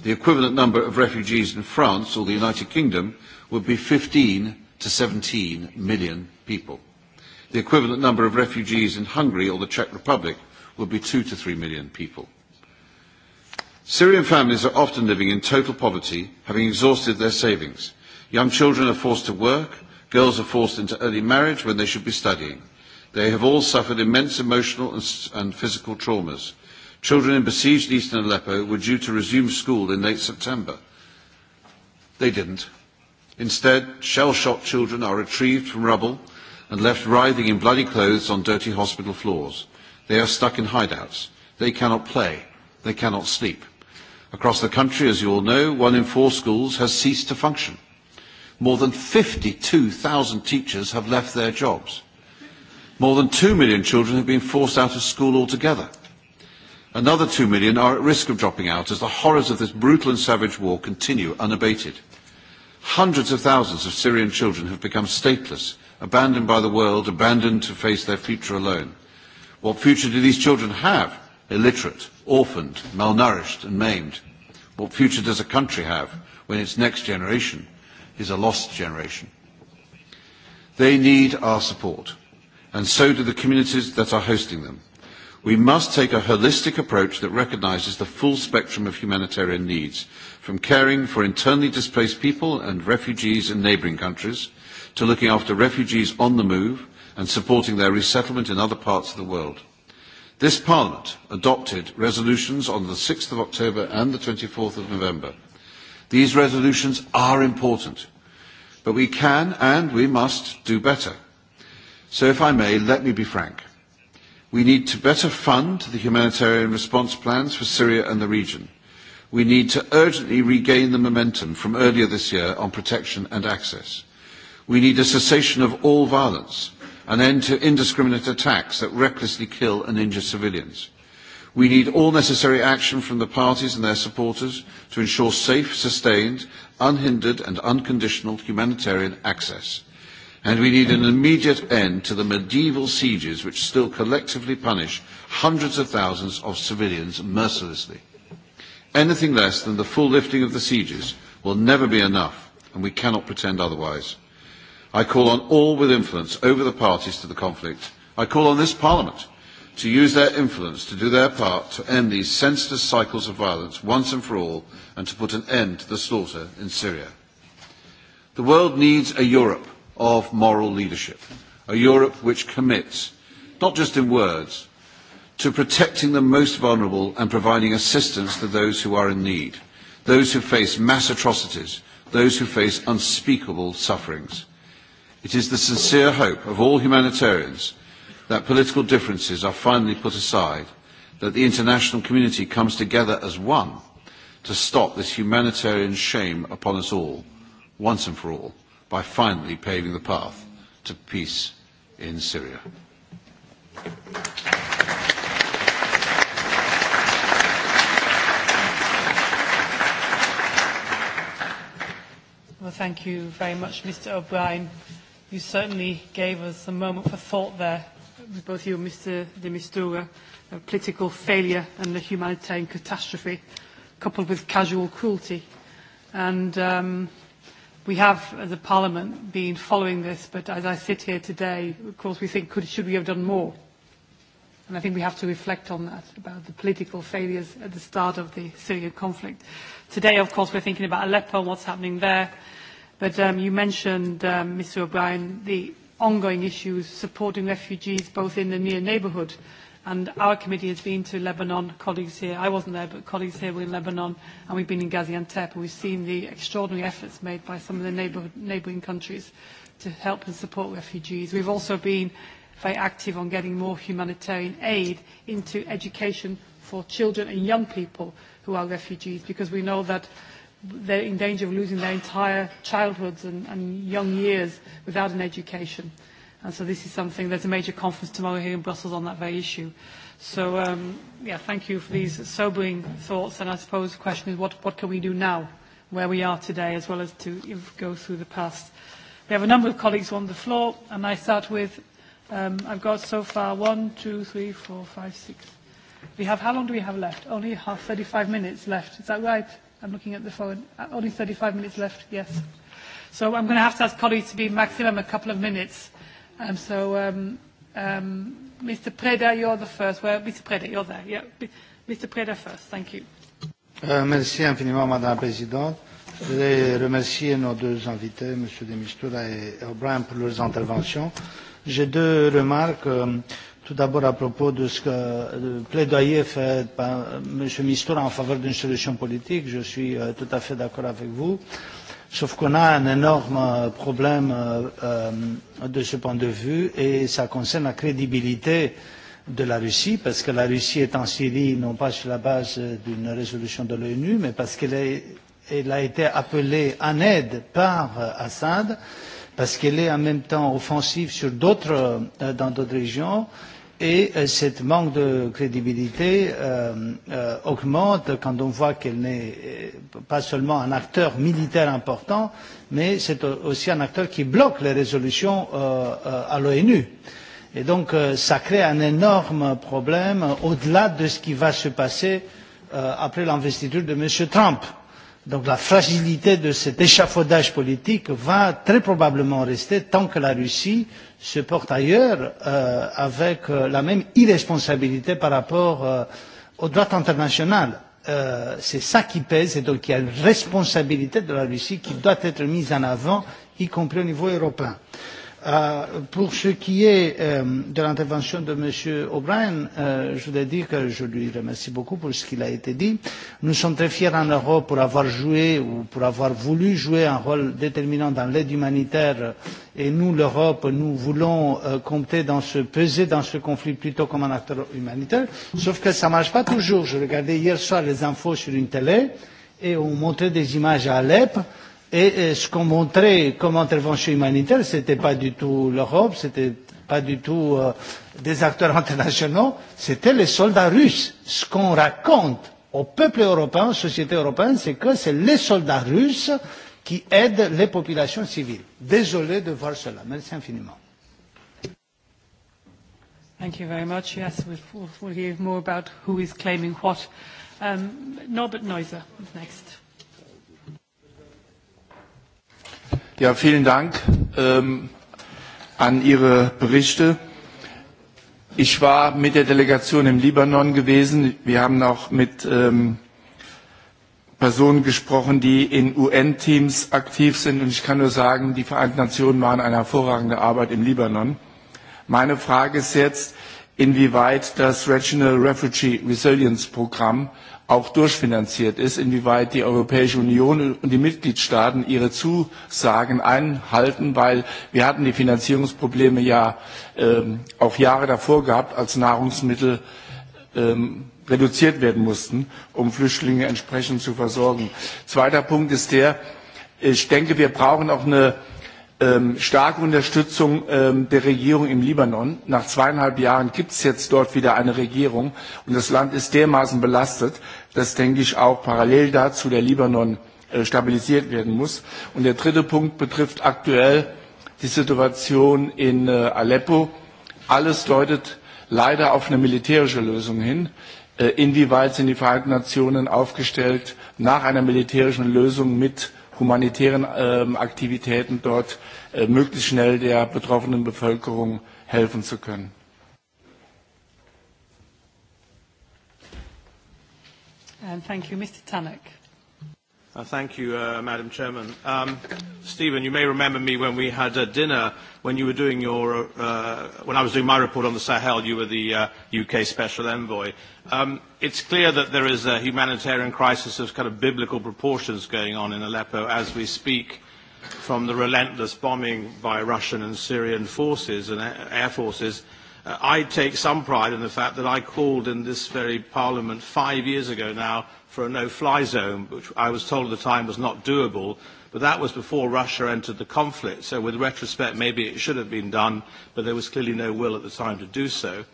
[SPEAKER 5] The equivalent number of refugees in France or the United Kingdom would be 15 to 17 million people. The equivalent number of refugees in Hungary or the Czech Republic will be two to three million people. Syrian families are often living in total poverty, having exhausted their savings. Young children are forced to work, girls are forced into early marriage when they should be studying. They have all suffered immense emotional and, physical traumas. Children in besieged eastern Aleppo were due to resume school in late September. They didn't. Instead, shell-shocked children are retrieved from rubble and left writhing in bloody clothes on dirty hospital floors. They are stuck in hideouts. They cannot play. They cannot sleep. Across the country, as you all know, one in four schools has ceased to function. More than 52,000 teachers have left their jobs. More than 2 million children have been forced out of school altogether. Another 2 million are at risk of dropping out as the horrors of this brutal and savage war continue unabated. Hundreds of thousands of Syrian children have become stateless, abandoned by the world, abandoned to face their future alone. What future do these children have, illiterate, orphaned, malnourished and maimed? What future does a country have when its next generation is a lost generation? They need our support, and so do the communities that are hosting them. We must take a holistic approach that recognises the full spectrum of humanitarian needs, from caring for internally displaced people and refugees in neighbouring countries, to looking after refugees on the move, and supporting their resettlement in other parts of the world. This Parliament adopted resolutions on the 6th of October and the 24th of November. These resolutions are important, but we can and we must do better. So if I may, let me be frank. We need to better fund the humanitarian response plans for Syria and the region. We need to urgently regain the momentum from earlier this year on protection and access. We need a cessation of all violence an end to indiscriminate attacks that recklessly kill and injure civilians. We need all necessary action from the parties and their supporters to ensure safe, sustained, unhindered and unconditional humanitarian access. And we need an immediate end to the medieval sieges which still collectively punish hundreds of thousands of civilians mercilessly. Anything less than the full lifting of the sieges will never be enough, and we cannot pretend otherwise. I call on all with influence over the parties to the conflict. I call on this Parliament to use their influence to do their part to end these senseless cycles of violence once and for all and to put an end to the slaughter in Syria. The world needs a Europe of moral leadership, a Europe which commits, not just in words, to protecting the most vulnerable and providing assistance to those who are in need, those who face mass atrocities, those who face unspeakable sufferings. It is the sincere hope of all humanitarians that political differences are finally put aside, that the international community comes together as one to stop this humanitarian shame upon us all, once and for all, by finally paving the path to peace in Syria.
[SPEAKER 6] Well, thank you very much, Mr. O'Brien you certainly gave us a moment for thought there, both you and Mr. de Mistura, a political failure and the humanitarian catastrophe, coupled with casual cruelty. And um, we have, as a parliament, been following this, but as I sit here today, of course, we think, could, should we have done more? And I think we have to reflect on that, about the political failures at the start of the Syrian conflict. Today, of course, we're thinking about Aleppo and what's happening there. But um, you mentioned, um, Mr. O'Brien, the ongoing issues supporting refugees both in the near neighbourhood. And our committee has been to Lebanon, colleagues here, I wasn't there, but colleagues here were in Lebanon, and we've been in Gaziantep, and we've seen the extraordinary efforts made by some of the neighbouring countries to help and support refugees. We've also been very active on getting more humanitarian aid into education for children and young people who are refugees, because we know that they're in danger of losing their entire childhoods and, and young years without an education. And so this is something, there's a major conference tomorrow here in Brussels on that very issue. So, um, yeah, thank you for these sobering thoughts. And I suppose the question is, what, what can we do now, where we are today, as well as to go through the past? We have a number of colleagues on the floor, and I start with, um, I've got so far one, two, three, four, five, six. We have, how long do we have left? Only half 35 minutes left. Is that right? I'm looking at the phone. Uh, only 35 minutes left, yes. So I'm going to have to ask colleagues to be maximum a couple of minutes. Um, so, um, um, Mr. Preda, you're the first. Well, Mr. Preda, you're there. Yeah. Mr. Preda first. Thank you.
[SPEAKER 7] Uh, merci infiniment, Madame la Présidente. Je voudrais remercier nos deux invités, M. Demistura et O'Brien, pour leurs interventions. J'ai deux remarques. Euh, tout d'abord à propos de ce que le plaidoyer fait par M. Mistour en faveur d'une solution politique. Je suis euh, tout à fait d'accord avec vous. Sauf qu'on a un énorme euh, problème euh, euh, de ce point de vue et ça concerne la crédibilité de la Russie, parce que la Russie est en Syrie non pas sur la base d'une résolution de l'ONU, mais parce qu'elle est, elle a été appelée en aide par euh, Assad, parce qu'elle est en même temps offensive sur d'autres, dans d'autres régions, Et euh, cette manque de crédibilité euh, euh, augmente quand on voit qu'elle n'est euh, pas seulement un acteur militaire important, mais c'est aussi un acteur qui bloque les résolutions euh, euh, à l'ONU. Et donc, euh, ça crée un énorme problème au-delà de ce qui va se passer euh, après l'investiture de M. Trump. Euh, Donc la fragilité de cet échafaudage politique va très probablement rester tant que la Russie se porte ailleurs euh, avec euh, la même irresponsabilité par rapport euh, au droit international. Euh, c'est ça qui pèse et donc il y a une responsabilité de la Russie qui doit être mise en avant, y compris au niveau européen. Euh, Euh, pour ce qui est euh, de l'intervention de M. O'Brien, euh, je voudrais dire que je lui remercie beaucoup pour ce qu'il a été dit. Nous sommes très fiers en Europe pour avoir joué ou pour avoir voulu jouer un rôle déterminant dans l'aide humanitaire et nous, l'Europe, nous voulons euh, compter dans ce, peser dans ce conflit plutôt comme un acteur humanitaire, sauf que ça ne marche pas toujours. Je regardais hier soir les infos sur une télé et on montrait des images à Alep Et, ce qu'on montrait comme intervention humanitaire, ce n'était pas du tout l'Europe, ce n'était pas du tout euh, des acteurs internationaux, c'était les soldats russes. Ce qu'on raconte au peuple européen, aux sociétés européennes, c'est que c'est les soldats russes qui aident les populations civiles. Désolé de voir cela. Merci infiniment.
[SPEAKER 6] Thank you very much. Yes, we'll, we'll hear more about who is claiming what. Um, Norbert Neuser next.
[SPEAKER 8] Ja, vielen Dank ähm, an Ihre Berichte. Ich war mit der Delegation im Libanon gewesen. Wir haben auch mit ähm, Personen gesprochen, die in UN-Teams aktiv sind. Und ich kann nur sagen, die Vereinten Nationen machen eine hervorragende Arbeit im Libanon. Meine Frage ist jetzt, inwieweit das Regional Refugee Resilience Programm auch durchfinanziert ist, inwieweit die Europäische Union und die Mitgliedstaaten ihre Zusagen einhalten, weil wir hatten die Finanzierungsprobleme ja ähm, auch Jahre davor gehabt, als Nahrungsmittel ähm, reduziert werden mussten, um Flüchtlinge entsprechend zu versorgen. Zweiter Punkt ist der, ich denke, wir brauchen auch eine ähm, starke Unterstützung ähm, der Regierung im Libanon. Nach zweieinhalb Jahren gibt es jetzt dort wieder eine Regierung und das Land ist dermaßen belastet, dass, denke ich, auch parallel dazu der Libanon äh, stabilisiert werden muss. Und der dritte Punkt betrifft aktuell die Situation in äh, Aleppo. Alles deutet leider auf eine militärische Lösung hin. Äh, inwieweit sind die Vereinten Nationen aufgestellt, nach einer militärischen Lösung mit humanitären ähm, Aktivitäten dort äh, möglichst schnell der betroffenen Bevölkerung helfen zu können.
[SPEAKER 6] And thank you, Mr. Tannock.
[SPEAKER 9] Uh, thank you, uh, Madam Chairman. Um, Stephen, you may remember me when we had a dinner when you were doing your, uh, when I was doing my report on the Sahel, you were the uh, UK Special Envoy. Um, it's clear that there is a humanitarian crisis of kind of biblical proportions going on in Aleppo as we speak from the relentless bombing by Russian and Syrian forces and air forces Uh, I take some pride in the fact that I called in this very parliament five years ago now for a no-fly zone, which I was told at the time was not doable, but that was before Russia entered the conflict. So with retrospect, maybe it should have been done, but there was clearly no will at the time to do so.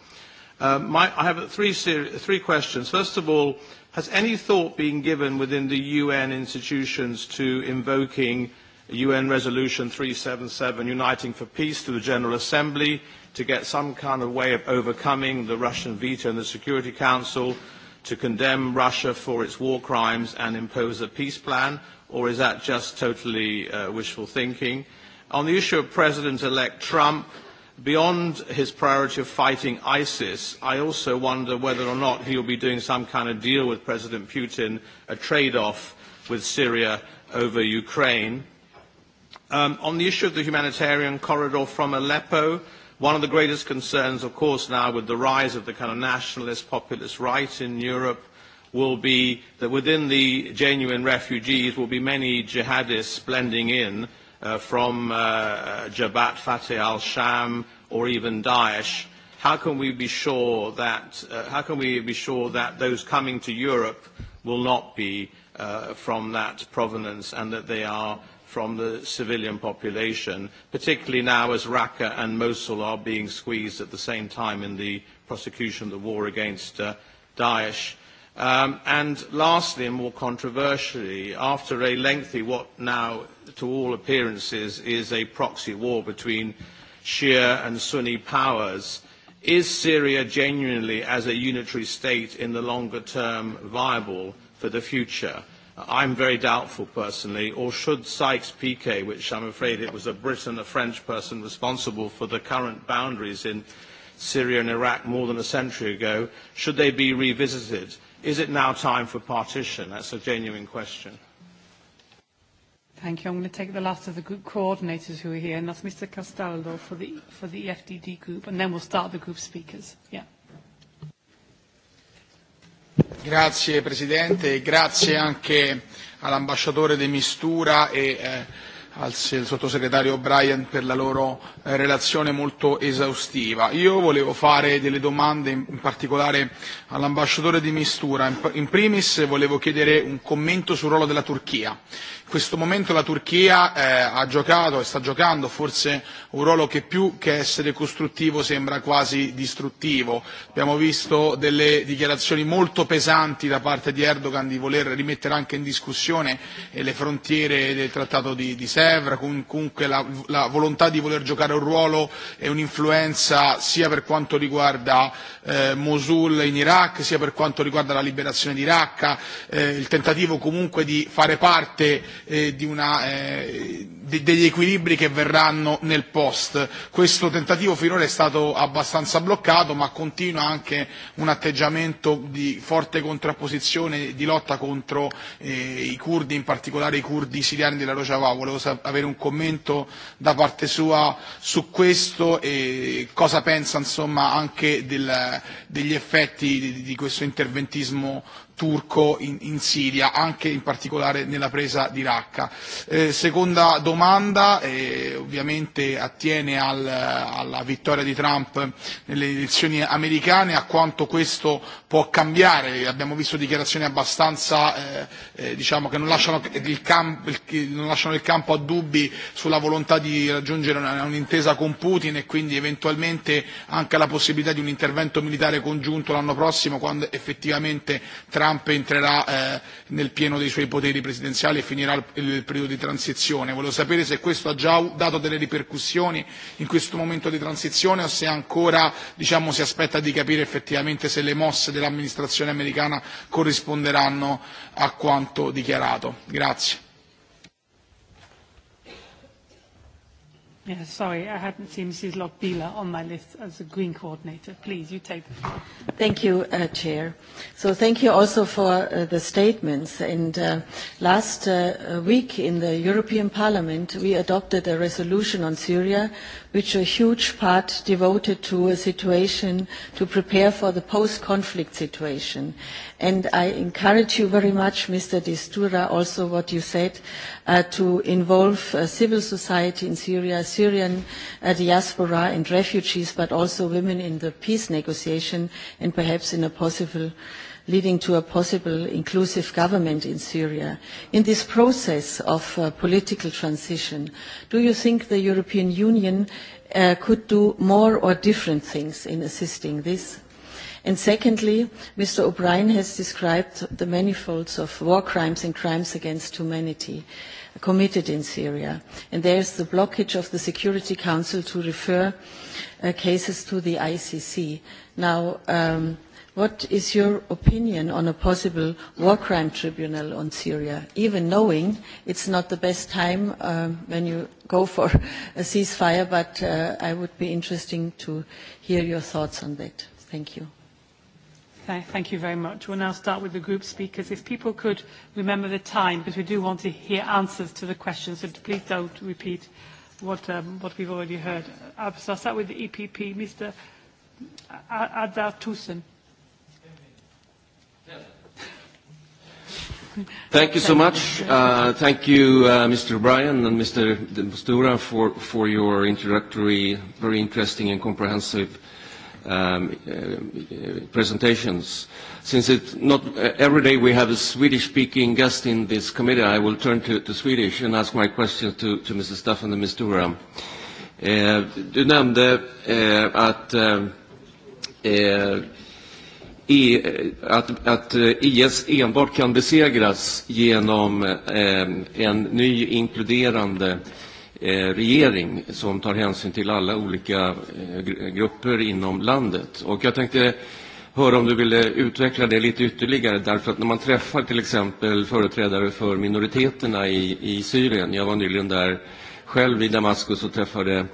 [SPEAKER 9] Uh, my, I have three, three questions. First of all, has any thought been given within the UN institutions to invoking UN Resolution 377 Uniting for Peace to the General Assembly to get some kind of way of overcoming the Russian veto in the Security Council to condemn Russia for its war crimes and impose a peace plan, or is that just totally uh, wishful thinking? On the issue of President-elect Trump, beyond his priority of fighting ISIS, I also wonder whether or not he will be doing some kind of deal with President Putin, a trade-off with Syria over Ukraine. Um, on the issue of the humanitarian corridor from Aleppo, one of the greatest concerns, of course, now with the rise of the kind of nationalist populist right in Europe will be that within the genuine refugees will be many jihadists blending in uh, from uh, Jabhat Fateh al-Sham or even Daesh. How can we be sure that uh, how can we be sure that those coming to Europe will not be uh, from that provenance and that they are from the civilian population, particularly now as Raqqa and Mosul are being squeezed at the same time in the prosecution of the war against uh, Daesh. Um, and lastly, and more controversially, after a lengthy, what now to all appearances is a proxy war between Shia and Sunni powers, is Syria genuinely, as a unitary state in the longer term, viable for the future? I'm very doubtful personally, or should Sykes-Picot, which I'm afraid it was a Brit and a French person responsible for the current boundaries in Syria and Iraq more than a century ago, should they be revisited? Is it now time for partition? That's a genuine question.
[SPEAKER 6] Thank you. I'm going to take the last of the group coordinators who are here, and that's Mr. Castaldo for the, for the FDD group, and then we'll start the group speakers. Yeah.
[SPEAKER 10] Grazie Presidente e grazie anche all'ambasciatore De Mistura e eh, al sottosegretario O'Brien per la loro relazione molto esaustiva. Io volevo fare delle domande in particolare all'ambasciatore di Mistura. In primis volevo chiedere un commento sul ruolo della Turchia. In questo momento la Turchia eh, ha giocato e sta giocando forse un ruolo che più che essere costruttivo sembra quasi distruttivo. Abbiamo visto delle dichiarazioni molto pesanti da parte di Erdogan di voler rimettere anche in discussione eh, le frontiere del trattato di, di Sèvres, comunque la, la volontà di voler giocare giocare un ruolo e un'influenza sia per quanto riguarda eh, Mosul in Iraq, sia per quanto riguarda la liberazione di Raqqa, eh, il tentativo comunque di fare parte eh, di una, eh, de- degli equilibri che verranno nel post. Questo tentativo finora è stato abbastanza bloccato, ma continua anche un atteggiamento di forte contrapposizione di lotta contro eh, i curdi, in particolare i curdi siriani della Rojava. Volevo avere un commento da parte sua su questo e cosa pensa insomma anche del, degli effetti di, di questo interventismo turco in, in Siria, anche in particolare nella presa di Raqqa. Eh, seconda domanda, eh, ovviamente attiene al, alla vittoria di Trump nelle elezioni americane, a quanto questo può cambiare. Abbiamo visto dichiarazioni abbastanza, eh, eh, diciamo, che non lasciano il, camp- il, non lasciano il campo a dubbi sulla volontà di raggiungere una, un'intesa con Putin e quindi eventualmente anche la possibilità di un intervento militare congiunto l'anno prossimo quando effettivamente Trump Trump entrerà eh, nel pieno dei suoi poteri presidenziali e finirà il, il periodo di transizione. Volevo sapere se questo ha già dato delle ripercussioni in questo momento di transizione o se ancora diciamo, si aspetta di capire effettivamente se le mosse dell'amministrazione americana corrisponderanno a quanto dichiarato. Grazie.
[SPEAKER 6] Yeah, sorry, I hadn't seen Mrs. Lochbihler on my list as a Green coordinator. Please, you take the floor.
[SPEAKER 11] Thank you, uh, Chair. So thank you also for uh, the statements. And uh, last uh, week in the European Parliament, we adopted a resolution on Syria which a huge part devoted to a situation to prepare for the post-conflict situation. And I encourage you very much, Mr. Distura, also what you said, uh, to involve uh, civil society in Syria, Syrian uh, diaspora and refugees, but also women in the peace negotiation and perhaps in a possible uh, leading to a possible inclusive government in Syria. In this process of uh, political transition, do you think the European Union uh, could do more or different things in assisting this? And secondly, Mr. O'Brien has described the manifolds of war crimes and crimes against humanity committed in Syria. And there's the blockage of the Security Council to refer uh, cases to the ICC. Now, um, What is your opinion on a possible war crime tribunal on Syria, even knowing it's not the best time um, when you go for a ceasefire, but uh, I would be interesting to hear your thoughts on that. Thank you.
[SPEAKER 6] Thank you very much. We'll now start with the group speakers. If people could remember the time, because we do want to hear answers to the questions, so please don't repeat what, um, what we've already heard. So I'll start with the EPP, Mr. Adar Tusen.
[SPEAKER 2] Thank you so much. Uh, thank you, uh, Mr. Bryan and Mr. De Mistura for, for your introductory, very interesting and comprehensive um, uh, presentations. Since it's not uh, every day we have a Swedish-speaking guest in this committee, I will turn to, to Swedish and ask my question to, to Mr. Staffan de Mistura. Uh, du nämnde uh, att um, uh, Eh, att, att eh, IS enbart kan besegras genom eh, en ny inkluderande regering som tar hänsyn till alla olika grupper inom landet. Och jag tänkte höra om du ville utveckla det lite ytterligare därför att när man träffar till exempel företrädare för minoriteterna i, i Syrien, jag var nyligen där själv i Damaskus och träffade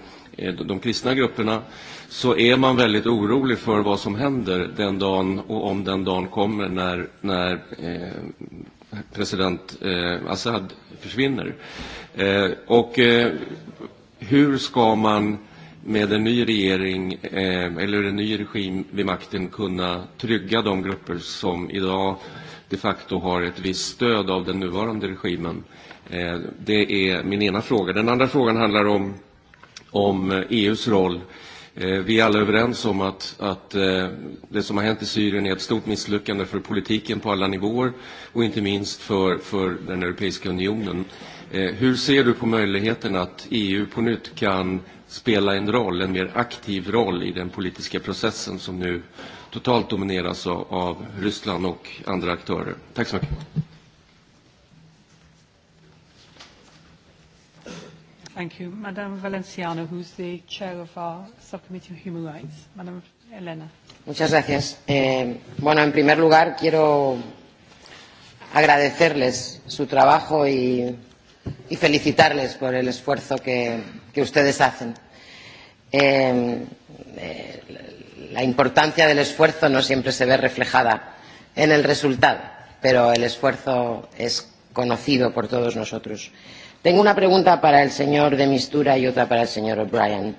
[SPEAKER 2] de kristna grupperna, så är man väldigt orolig för vad som händer den dagen och om den dagen kommer när, när eh, president eh, Assad försvinner. Eh, och eh, hur ska man med en ny regering eh, eller en ny regim vid makten kunna trygga de grupper som idag de facto har ett visst stöd av den nuvarande regimen. Eh, det är min ena fråga. Den andra frågan handlar om, om EUs roll Eh, Eh, vi är alla överens om att, att eh, det som har hänt i Syrien är ett stort misslyckande för politiken på alla nivåer och inte minst för, för den Europeiska unionen. Eh, hur ser du på möjligheten att EU på nytt kan spela en roll, en mer aktiv roll i den politiska processen som nu totalt domineras av, av Ryssland och andra aktörer? Tack så mycket.
[SPEAKER 6] Thank you. Valenciano, who's the chair of our subcommittee on human rights. Elena.
[SPEAKER 12] Muchas gracias. Eh, bueno, en primer lugar quiero agradecerles su trabajo y, y felicitarles por el esfuerzo que, que ustedes hacen. Eh, eh, la importancia del esfuerzo no siempre se ve reflejada en el resultado, pero el esfuerzo es conocido por todos nosotros. Eh, Tengo una pregunta para el señor de Mistura y otra para el señor O'Brien.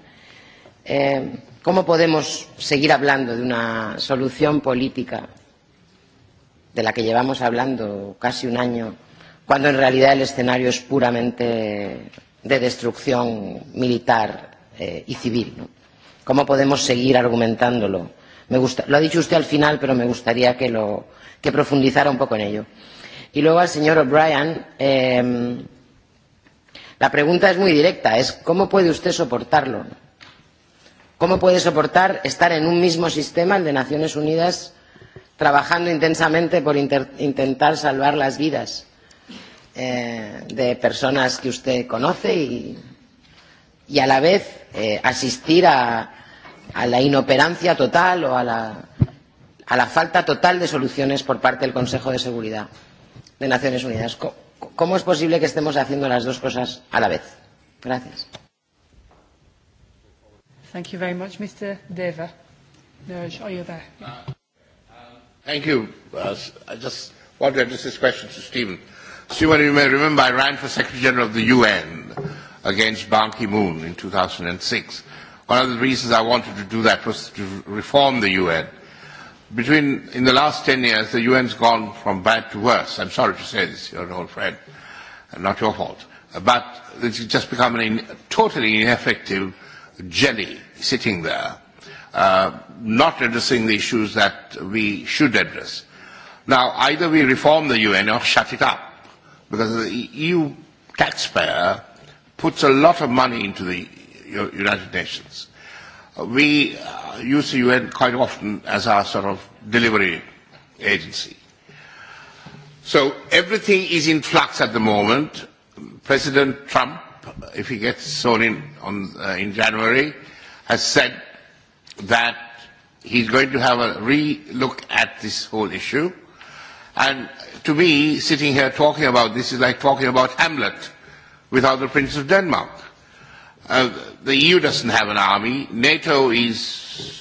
[SPEAKER 12] Eh, ¿Cómo podemos seguir hablando de una solución política de la que llevamos hablando casi un año cuando en realidad el escenario es puramente de destrucción militar eh, y civil? ¿no? ¿Cómo podemos seguir argumentándolo? Me gusta, lo ha dicho usted al final, pero me gustaría que, lo, que profundizara un poco en ello. Y luego al señor O'Brien. Eh, La pregunta es muy directa, es ¿cómo puede usted soportarlo? ¿Cómo puede soportar estar en un mismo sistema, el de Naciones Unidas, trabajando intensamente por inter, intentar salvar las vidas eh, de personas que usted conoce y, y a la vez eh, asistir a, a la inoperancia total o a la, a la falta total de soluciones por parte del Consejo de Seguridad de Naciones Unidas? ¿Cómo? ¿Cómo es posible que estemos haciendo las dos cosas a la vez? Gracias.
[SPEAKER 6] Thank you very much, Mr. Deva. Nurj, are you there? Uh, um,
[SPEAKER 3] thank you. Uh, I just want to address this question to Stephen. Stephen, you may remember I ran for Secretary General of the UN against Ban Ki-moon in 2006. One of the reasons I wanted to do that was to reform the UN between in the last 10 years, the UN's gone from bad to worse. I'm sorry to say this, you're an old friend, uh, not your fault. Uh, but it's just become a totally ineffective jelly sitting there, uh, not addressing the issues that we should address. Now, either we reform the UN or shut it up, because the EU taxpayer puts a lot of money into the United Nations we use the UN quite often as our sort of delivery agency. So everything is in flux at the moment. President Trump, if he gets sworn in on, uh, in January, has said that he's going to have a re-look at this whole issue. And to me, sitting here talking about this is like talking about Hamlet without the Prince of Denmark. Uh, the EU doesn't have an army. NATO is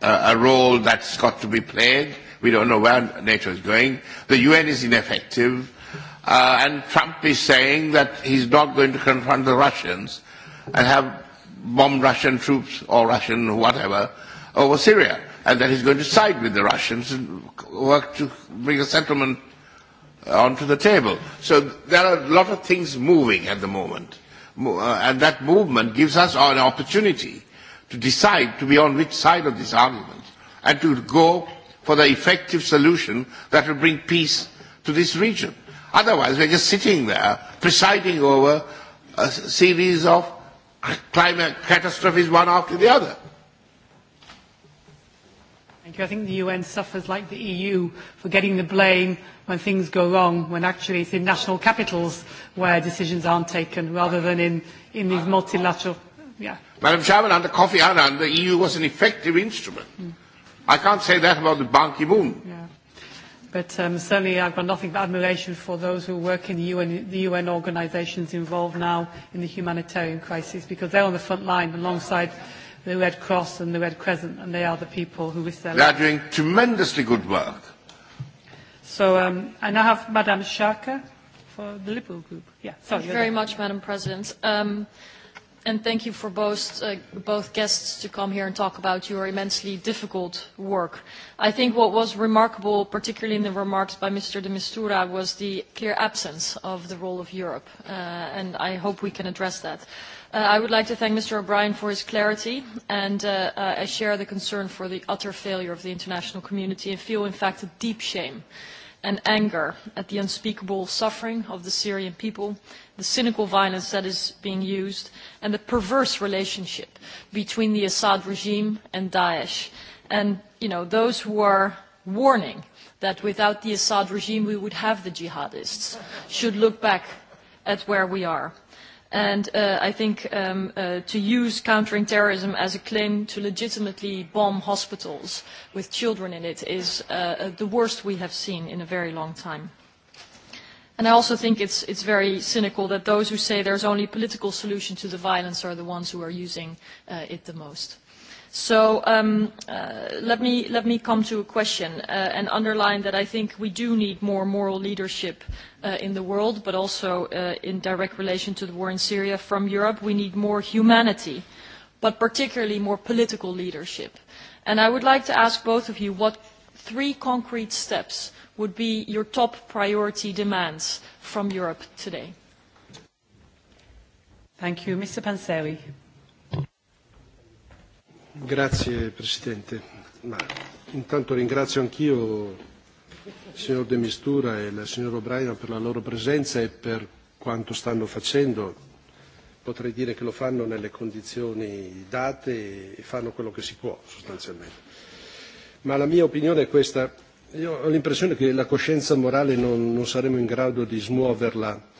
[SPEAKER 3] a, uh, a role that's got to be played. We don't know where NATO is going. The UN is ineffective. Uh, and Trump is saying that he's not going to confront the Russians and have bombed Russian troops or Russian whatever over Syria. And that he's going to side with the Russians and work to bring a settlement onto the table. So there are a lot of things moving at the moment uh, and that movement gives us an opportunity to decide to be on which side of this argument and to go for the effective solution that will bring peace to this region. Otherwise, we're just sitting there presiding over a series of climate catastrophes one after the other.
[SPEAKER 6] Thank you. I think the UN suffers like the EU for getting the blame when things go wrong, when actually it's in national capitals where decisions aren't taken, rather than in, in these multilateral.
[SPEAKER 3] Yeah. Madam Chairman, under Kofi Annan, the EU was an effective instrument. Mm. I can't say that about the Ban Ki-moon.
[SPEAKER 6] Yeah. But um, certainly I've got nothing but admiration for those who work in the UN, the UN organisations involved now in the humanitarian crisis, because they're on the front line alongside the Red Cross and the Red Crescent, and they are the people who risk their lives.
[SPEAKER 3] They are doing tremendously good work.
[SPEAKER 6] So um, I now have Madame Sharka for the Liberal Group. Yeah, sorry. Thank you very there. much,
[SPEAKER 13] Madam President. Um, and thank you for both, uh, both guests to come here and talk about your immensely difficult work. I think what was remarkable, particularly in the remarks by Mr. de Mistura, was the clear absence of the role of Europe, uh, and I hope we can address that. Uh, I would like to thank Mr. O'Brien for his clarity, and uh, uh, I share the concern for the utter failure of the international community and feel, in fact, a deep shame and anger at the unspeakable suffering of the Syrian people, the cynical violence that is being used, and the perverse relationship between the Assad regime and Daesh. And, you know, those who are warning that without the Assad regime we would have the jihadists should look back at where we are. And uh, I think um, uh, to use countering terrorism as a claim to legitimately bomb hospitals with children in it is uh, uh, the worst we have seen in a very long time. And I also think it's, it's very cynical that those who say there's only political solution to the violence are the ones who are using uh, it the most. So um, uh, let, me, let me come to a question uh, and underline that I think we do need more moral leadership uh, in the world, but also uh, in direct relation to the war in Syria from Europe. We need more humanity, but particularly more political leadership. And I would like to ask both of you what three concrete steps would be your top priority demands from Europe today. Thank you. Mr. Panseri.
[SPEAKER 14] Grazie Presidente. Ma intanto ringrazio anch'io il signor De Mistura e la signora O'Brien per la loro presenza e per quanto stanno facendo. Potrei dire che lo fanno nelle condizioni date e fanno quello che si può sostanzialmente. Ma la mia opinione è questa. Io ho l'impressione che la coscienza morale non, non saremo in grado di smuoverla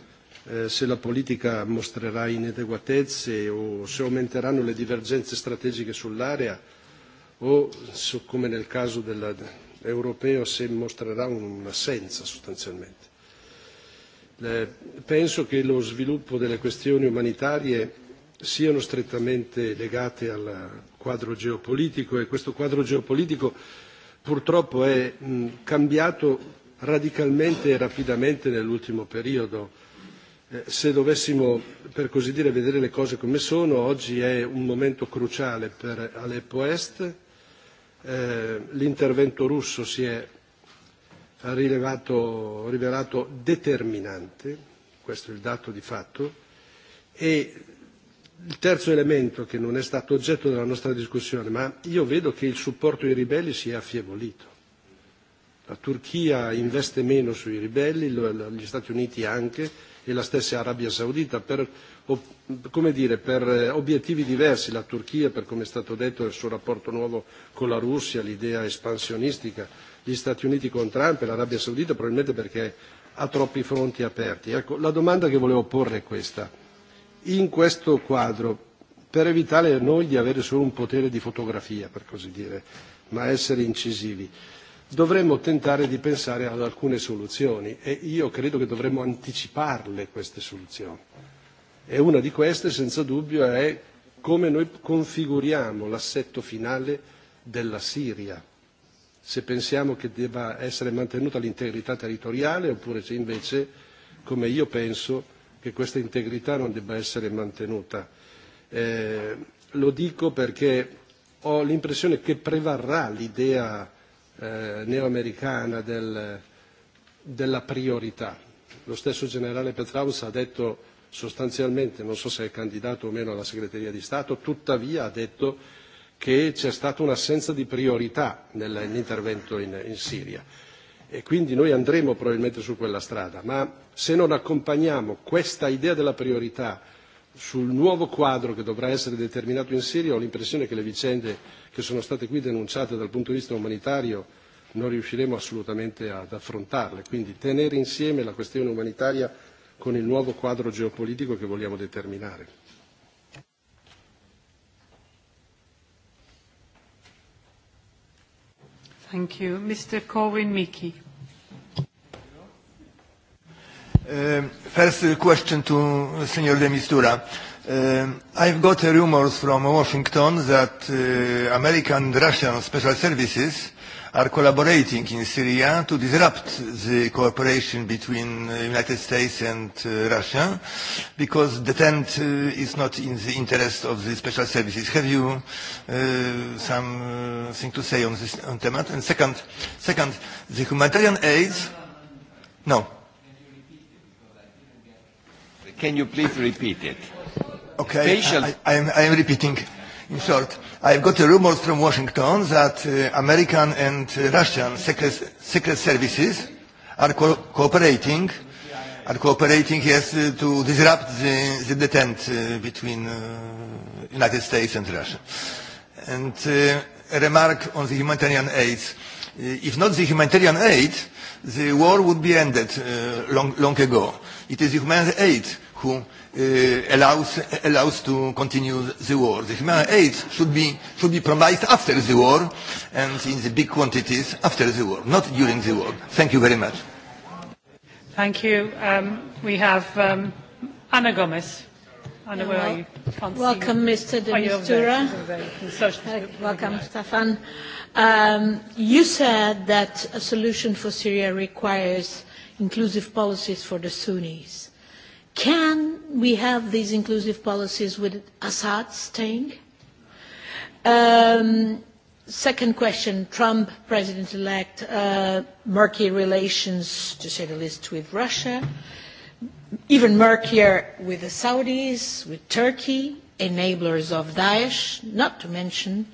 [SPEAKER 14] Eh, se la politica mostrerà inadeguatezze o se aumenteranno le divergenze strategiche sull'area o, se, come nel caso europeo se mostrerà un'assenza sostanzialmente. Eh, penso che lo sviluppo delle questioni umanitarie siano strettamente legate al quadro geopolitico e questo quadro geopolitico purtroppo è cambiato radicalmente e rapidamente nell'ultimo periodo se dovessimo, per così dire, vedere le cose come sono, oggi è un momento cruciale per Aleppo Est. Eh, l'intervento russo si è rilevato, rivelato determinante, questo è il dato di fatto, e il terzo elemento che non è stato oggetto della nostra discussione, ma io vedo che il supporto ai ribelli si è affievolito. La Turchia investe meno sui ribelli, gli Stati Uniti anche, e la stessa Arabia Saudita per, come dire, per eh, obiettivi diversi, la Turchia per come è stato detto il suo rapporto nuovo con la Russia, l'idea espansionistica, gli Stati Uniti con Trump e l'Arabia Saudita probabilmente perché ha troppi fronti aperti. Ecco, la domanda che volevo porre è questa. In questo quadro, per evitare noi di avere solo un potere di fotografia, per così dire, ma essere incisivi, dovremmo tentare di pensare ad alcune soluzioni e io credo che dovremmo anticiparle queste soluzioni. E una di queste, senza dubbio, è come noi configuriamo l'assetto finale della Siria, se pensiamo che debba essere mantenuta l'integrità territoriale oppure se invece, come io penso, che questa integrità non debba essere mantenuta. Eh, lo dico perché ho l'impressione che prevarrà l'idea eh, neoamericana del, della priorità. Lo stesso generale Petraus ha detto sostanzialmente, non so se è candidato o meno alla segreteria di Stato, tuttavia ha detto che c'è stata un'assenza di priorità nell'intervento in, in Siria e quindi noi andremo probabilmente su quella strada, ma se non accompagniamo questa idea della priorità sul nuovo quadro che dovrà essere determinato in Siria ho l'impressione che le vicende che sono state qui denunciate dal punto di vista umanitario non riusciremo assolutamente ad affrontarle. Quindi tenere insieme la questione umanitaria con il nuovo quadro geopolitico che vogliamo determinare.
[SPEAKER 6] Thank you. Mr. Corwin Mickey.
[SPEAKER 15] Eh, first question to Senor de Mistura. Uh, I've got rumors from Washington that uh, American and Russian special services are collaborating in Syria to disrupt the cooperation between the United States and uh, Russia because tent uh, is not in the interest of the special services. Have you uh, something to say on this on matter? And second, second, the humanitarian aid, no,
[SPEAKER 4] Can you please repeat it?
[SPEAKER 15] Okay, I, I, am, I am repeating. In short, I've got a rumors from Washington that uh, American and uh, Russian secret, secret services are co cooperating, are cooperating, yes, uh, to disrupt the, the detent uh, between uh, United States and Russia. And uh, a remark on the humanitarian aid. Uh, if not the humanitarian aid, the war would be ended uh, long, long ago. It is humanitarian aid who uh, eh, allows, allows to continue the war. The human aid should be, should be promised after the war and in the big quantities after the war, not during the war. Thank you very much.
[SPEAKER 6] Thank you. Um, we have um, Anna Gomez. Anna, where are you?
[SPEAKER 16] Can't welcome, Mr. De oh, Mistura. Uh, welcome, Stefan. Um, you said that a solution for Syria requires inclusive policies for the Sunnis. Can we have these inclusive policies with Assad staying? Um, second question, Trump, President-elect, uh, murky relations, to say the least, with Russia, even murkier with the Saudis, with Turkey, enablers of Daesh, not to mention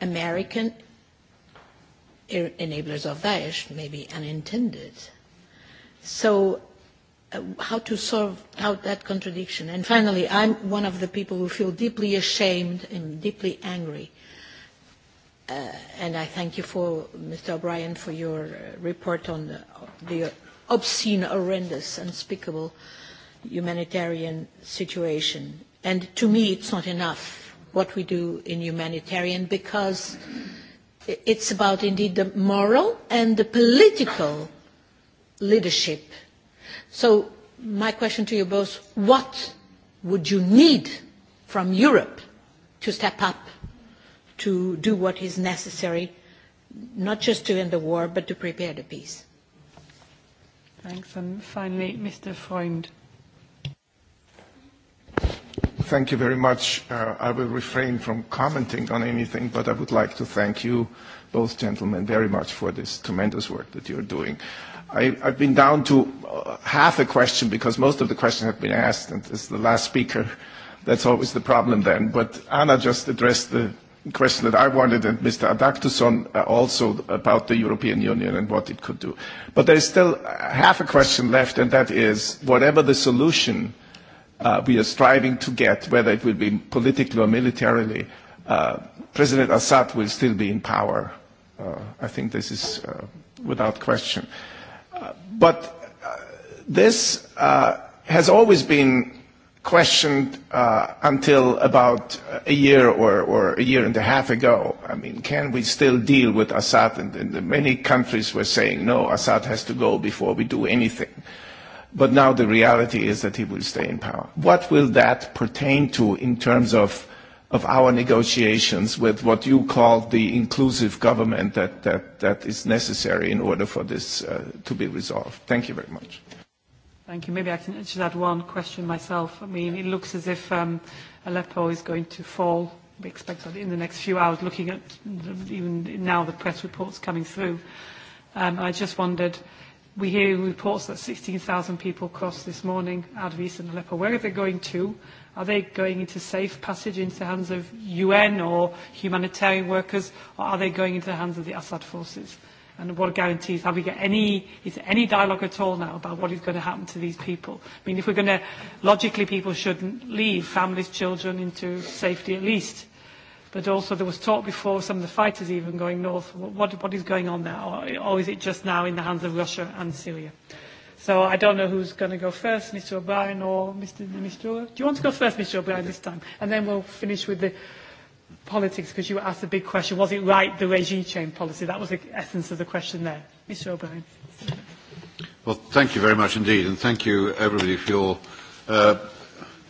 [SPEAKER 16] American er, enablers of Daesh, maybe unintended. So Uh, how to solve out that contradiction. And finally, I'm one of the people who feel deeply ashamed and deeply angry. Uh, and I thank you for Mr. O'Brien for your uh, report on the, the obscene, horrendous, unspeakable humanitarian situation. And to me, it's not enough what we do in humanitarian because it's about indeed the moral and the political leadership So my question to you both, what would you need from Europe to step up to do what is necessary, not just to end the war, but to prepare the peace? Thanks. And finally, Mr. Freund.
[SPEAKER 17] Thank you very much. Uh, I will refrain from commenting on anything, but I would like to thank you both gentlemen very much for this tremendous work that you're doing. I, I've been down to uh, half a question because most of the questions have been asked, and as the last speaker, that's always the problem then. But Anna just addressed the question that I wanted, and Mr. Adaktusson uh, also about the European Union and what it could do. But there's still uh, half a question left, and that is, whatever the solution uh, we are striving to get, whether it will be politically or militarily, uh, President Assad will still be in power Uh, I think this is uh, without question. Uh, but uh, this uh, has always been questioned uh, until about a year or, or a year and a half ago. I mean, can we still deal with Assad? And, and many countries were saying, no, Assad has to go before we do anything. But now the reality is that he will stay in power. What will that pertain to in terms of of our negotiations with what you call the inclusive government that, that, that is necessary in order for this uh, to be resolved. Thank you very much.
[SPEAKER 6] Thank you. Maybe I can just add one question myself. I mean, it looks as if um, Aleppo is going to fall. We expect that in the next few hours, looking at the, even now the press reports coming through. Um, I just wondered, we hear reports that 16,000 people crossed this morning out of eastern Aleppo. Where are they going to? Are they going into safe passage into the hands of UN or humanitarian workers, or are they going into the hands of the Assad forces? And what guarantees have we got any, is there any dialogue at all now about what is going to happen to these people? I mean, if we're going to, logically people shouldn't leave families, children into safety at least. But also there was talk before some of the fighters even going north. What, what is going on there? Or, or is it just now in the hands of Russia and Syria? So I don't know who's going to go first, Mr. O'Brien or Mr. Mistura. Do you want to go first, Mr. O'Brien, this time? And then we'll finish with the politics, because you asked a big question. Was it right, the regime change policy? That was the essence of the question there. Mr. O'Brien.
[SPEAKER 5] Well, thank you very much indeed, and thank you, everybody, for your uh,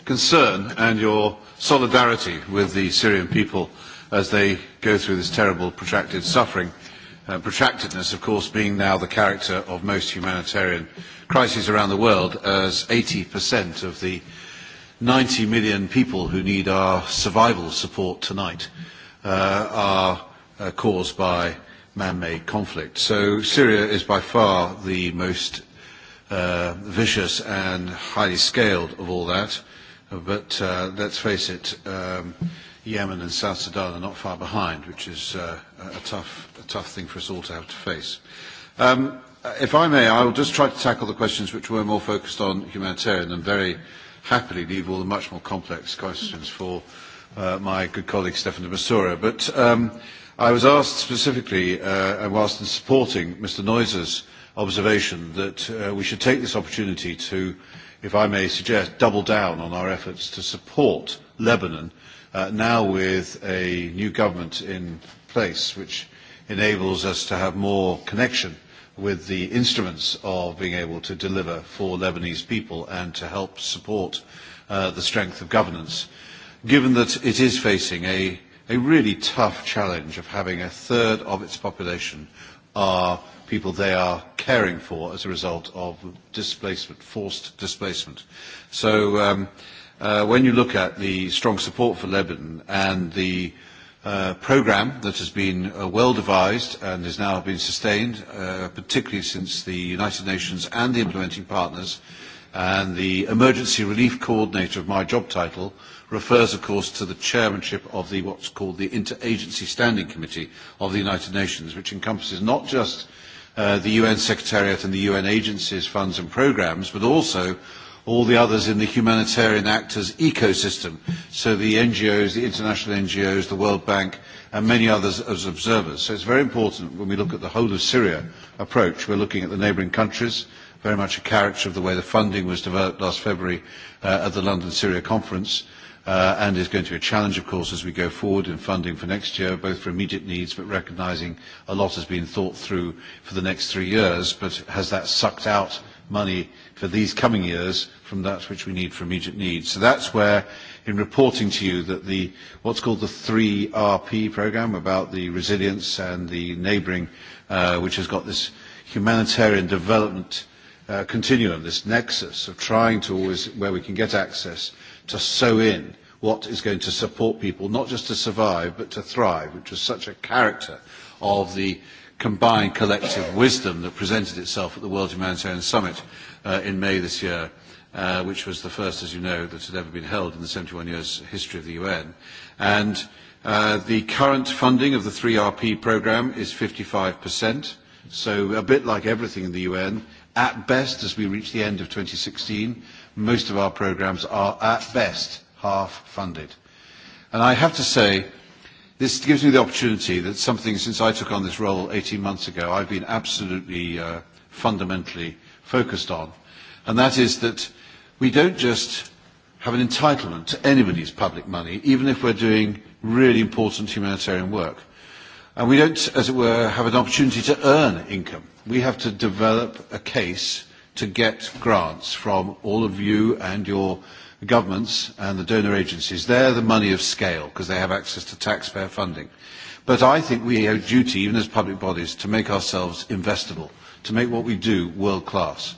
[SPEAKER 5] concern and your solidarity with the Syrian people as they go through this terrible, protracted suffering. Uh, protractedness, of course, being now the character of most humanitarian crises around the world, as 80% of the 90 million people who need our survival support tonight uh, are uh, caused by man-made conflict. So Syria is by far the most uh, vicious and highly scaled of all that. But uh, let's face it, um, Yemen and South Sudan are not far behind, which is uh, a, tough, a tough thing for us all to have to face. Um, if I may, I will just try to tackle the questions which were more focused on humanitarian and very happily leave all the much more complex questions for uh, my good colleague Stefan de Masura. But um, I was asked specifically, uh, whilst in supporting Mr. Noiser's observation, that uh, we should take this opportunity to, if I may suggest, double down on our efforts to support Lebanon uh, now with a new government in place, which enables us to have more connection with the instruments of being able to deliver for Lebanese people and to help support uh, the strength of governance. Given that it is facing a, a really tough challenge of having a third of its population are people they are caring for as a result of displacement, forced displacement. So um, uh, when you look at the strong support for Lebanon and the uh, program that has been uh, well devised and has now been sustained, uh, particularly since the United Nations and the implementing partners and the emergency relief coordinator of my job title refers, of course, to the chairmanship of the what's called the Interagency Standing Committee of the United Nations, which encompasses not just uh, the UN Secretariat and the UN agencies, funds and programs, but also all the others in the humanitarian actors ecosystem, so the NGOs, the international NGOs, the World Bank, and many others as observers. So it's very important when we look at the whole of Syria approach, we're looking at the neighbouring countries, very much a character of the way the funding was developed last February uh, at the London Syria conference, uh, and is going to be a challenge, of course, as we go forward in funding for next year, both for immediate needs, but recognising a lot has been thought through for the next three years, but has that sucked out money for these coming years from that which we need for immediate needs. So that's where, in reporting to you that the, what's called the 3RP programme about the resilience and the neighbouring, uh, which has got this humanitarian development uh, continuum, this nexus of trying to always, where we can get access, to sew in what is going to support people, not just to survive, but to thrive, which is such a character of the combined collective wisdom that presented itself at the World Humanitarian Summit uh, in May this year, uh, which was the first, as you know, that had ever been held in the 71 years history of the UN. And uh, the current funding of the 3RP program is 55%, so a bit like everything in the UN, at best, as we reach the end of 2016, most of our programs are at best half funded. And I have to say, This gives me the opportunity that something, since I took on this role 18 months ago, I've been absolutely uh, fundamentally focused on, and that is that we don't just have an entitlement to anybody's public money, even if we're doing really important humanitarian work. And we don't, as it were, have an opportunity to earn income. We have to develop a case to get grants from all of you and your governments and the donor agencies. They're the money of scale because they have access to taxpayer funding. But I think we owe duty, even as public bodies, to make ourselves investable, to make what we do world class.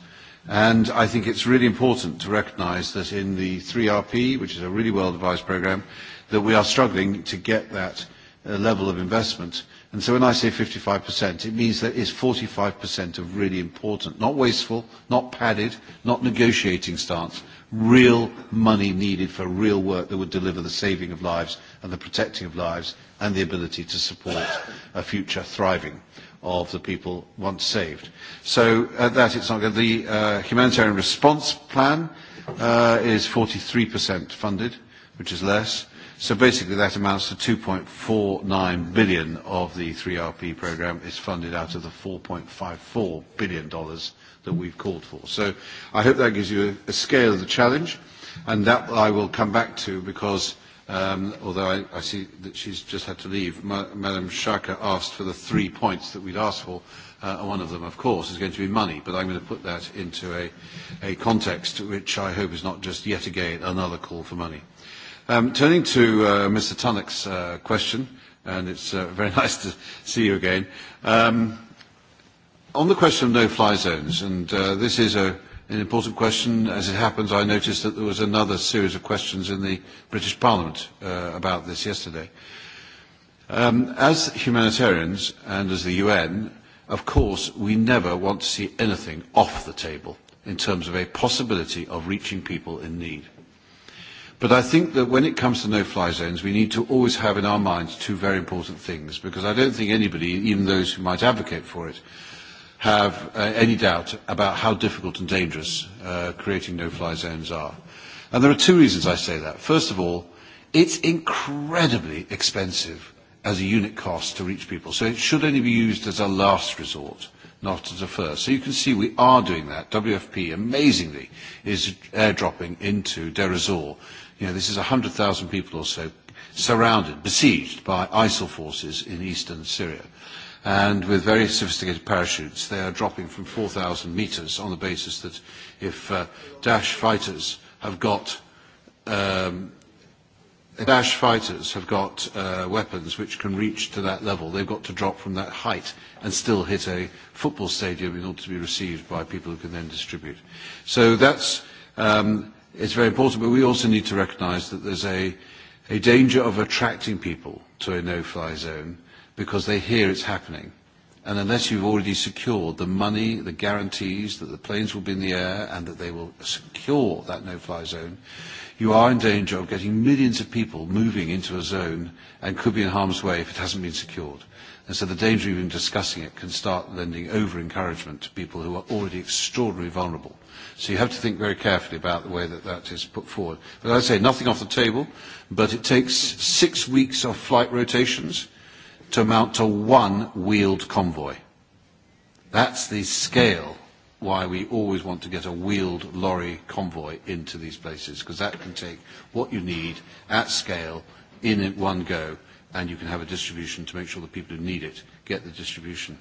[SPEAKER 5] And I think it's really important to recognise that in the 3RP, which is a really well-devised programme, that we are struggling to get that uh, level of investment. And so when I say 55%, it means that it's 45% of really important, not wasteful, not padded, not negotiating stance, real money needed for real work that would deliver the saving of lives and the protecting of lives and the ability to support a future thriving of the people once saved. So at that it's not good. The uh, humanitarian response plan uh, is 43% funded, which is less. So basically that amounts to 2.49 billion of the 3RP program is funded out of the 4.54 billion dollars that we've called for. So I hope that gives you a, a scale of the challenge, and that I will come back to because, um, although I, I see that she's just had to leave, Ma Madam Shaka asked for the three points that we'd asked for, uh, one of them, of course, is going to be money, but I'm going to put that into a, a context which I hope is not just yet again another call for money. Um, turning to uh, Mr. Tunnock's uh, question, and it's uh, very nice to see you again. Um, On the question of no-fly zones, and uh, this is a, an important question. As it happens, I noticed that there was another series of questions in the British Parliament uh, about this yesterday. Um, as humanitarians and as the UN, of course, we never want to see anything off the table in terms of a possibility of reaching people in need. But I think that when it comes to no-fly zones, we need to always have in our minds two very important things, because I don't think anybody, even those who might advocate for it, have uh, any doubt about how difficult and dangerous uh, creating no-fly zones are. And there are two reasons I say that. First of all, it's incredibly expensive as a unit cost to reach people, so it should only be used as a last resort, not as a first. So you can see we are doing that. WFP, amazingly, is airdropping into Deir ez-Zor. You know, this is 100,000 people or so surrounded, besieged by ISIL forces in eastern Syria and with very sophisticated parachutes. They are dropping from 4,000 meters on the basis that if uh, Daesh fighters have got um, Daesh fighters have got uh, weapons which can reach to that level. They've got to drop from that height and still hit a football stadium in order to be received by people who can then distribute. So that's um, it's very important, but we also need to recognise that there's a, a danger of attracting people to a no-fly zone because they hear it's happening. And unless you've already secured the money, the guarantees that the planes will be in the air and that they will secure that no-fly zone, you are in danger of getting millions of people moving into a zone and could be in harm's way if it hasn't been secured. And so the danger of even discussing it can start lending over-encouragement to people who are already extraordinarily vulnerable. So you have to think very carefully about the way that that is put forward. But as I say nothing off the table, but it takes six weeks of flight rotations – to amount to one wheeled convoy. That's the scale why we always want to get a wheeled lorry convoy into these places, because that can take what you need at scale in one go, and you can have a distribution to make sure the people who need it get the distribution.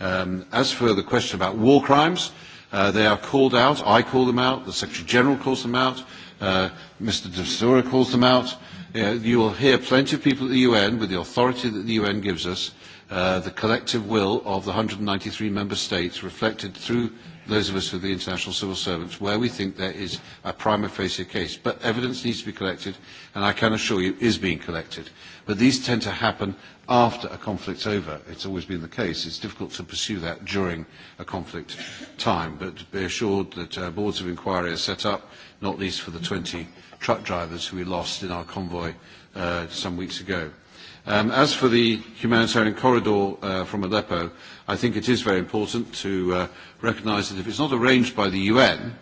[SPEAKER 5] Um, as for the question about war crimes, uh, they are called out. I call them out. The Secretary General calls them out. Uh, Mr. De calls them out. Uh, you will hear plenty of people at the UN, with the authority that the UN gives us, uh, the collective will of the 193 member states reflected through those of us who are the international civil servants, where we think there is a prima facie case. But evidence needs to be collected, and I can assure you is being collected. But these tend to happen after a conflict's over. It's always been the case. It's difficult to pursue that during a conflict time. But be assured that uh, boards of inquiry are set up, not least for the 20 truck drivers who we lost in our convoy uh, some weeks ago. Um, as for the humanitarian corridor uh, from Aleppo, I think it is very important to uh, recognise that if it's not arranged by the UN,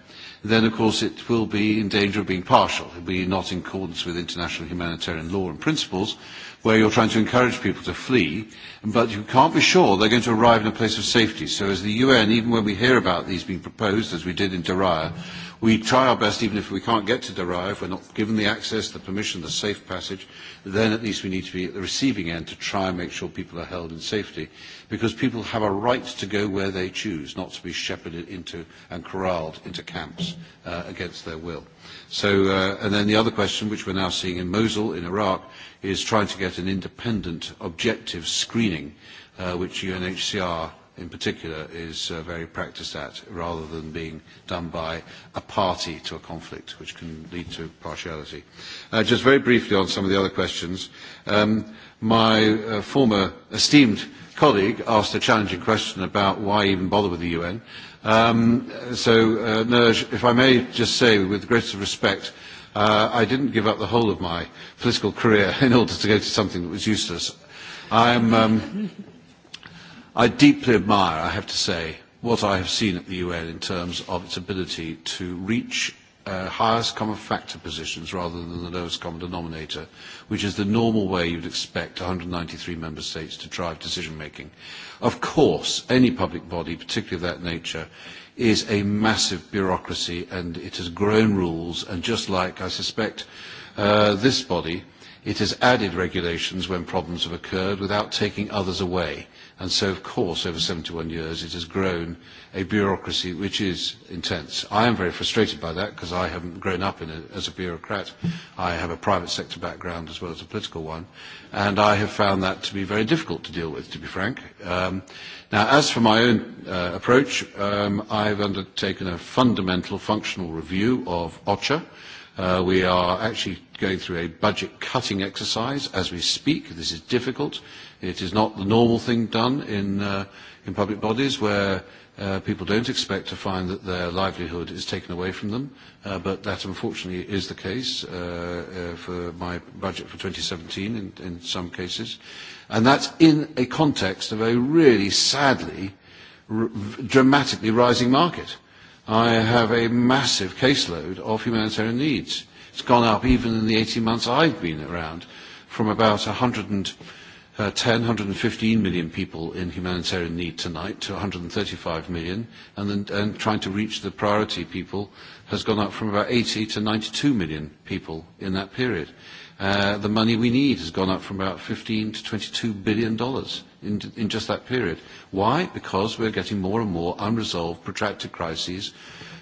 [SPEAKER 5] then of course it will be in danger of being partial. It will be not in accordance with international humanitarian law and principles, where you're trying to encourage people to flee, but you can't be sure they're going to arrive in a place of safety. So as the UN, even when we hear about these being proposed, as we did in Daraya. We try our best, even if we can't get to Derive, we're not given the access, the permission, the safe passage, then at least we need to be at the receiving end to try and make sure people are held in safety, because people have a right to go where they choose, not to be shepherded into and corralled into camps uh, against their will. So, uh, and then the other question, which we're now seeing in Mosul, in Iraq, is trying to get an independent, objective screening, uh, which UNHCR in particular is uh, very practiced at rather than being done by a party to a conflict which can lead to partiality. Uh, just very briefly on some of the other questions. Um, my uh, former esteemed colleague asked a challenging question about why even bother with the UN. Um, so, uh, Nerj, if I may just say with the greatest respect, uh, I didn't give up the whole of my political career in order to go to something that was useless. I'm, um, i deeply admire, I have to say, what I have seen at the UN in terms of its ability to reach uh, highest common factor positions rather than the lowest common denominator, which is the normal way you'd expect 193 member states to drive decision making. Of course, any public body, particularly of that nature, is a massive bureaucracy and it has grown rules and just like, I suspect, uh, this body, it has added regulations when problems have occurred without taking others away. And so, of course, over 71 years, it has grown a bureaucracy which is intense. I am very frustrated by that because I haven't grown up in it as a bureaucrat. I have a private sector background as well as a political one. And I have found that to be very difficult to deal with, to be frank. Um, now, as for my own uh, approach, um, I've undertaken a fundamental functional review of OCHA. Uh, we are actually going through a budget cutting exercise as we speak. This is difficult. It is not the normal thing done in, uh, in public bodies where uh, people don't expect to find that their livelihood is taken away from them, uh, but that unfortunately is the case uh, uh, for my budget for 2017 in, in some cases. And that's in a context of a really sadly, r- dramatically rising market. I have a massive caseload of humanitarian needs. It's gone up even in the 18 months I've been around from about 100 and uh, 10, 115 million people in humanitarian need tonight to 135 million, and, then, and trying to reach the priority people has gone up from about 80 to 92 million people in that period. Uh, the money we need has gone up from about 15 to 22 billion dollars in, in just that period. Why? Because we're getting more and more unresolved, protracted crises,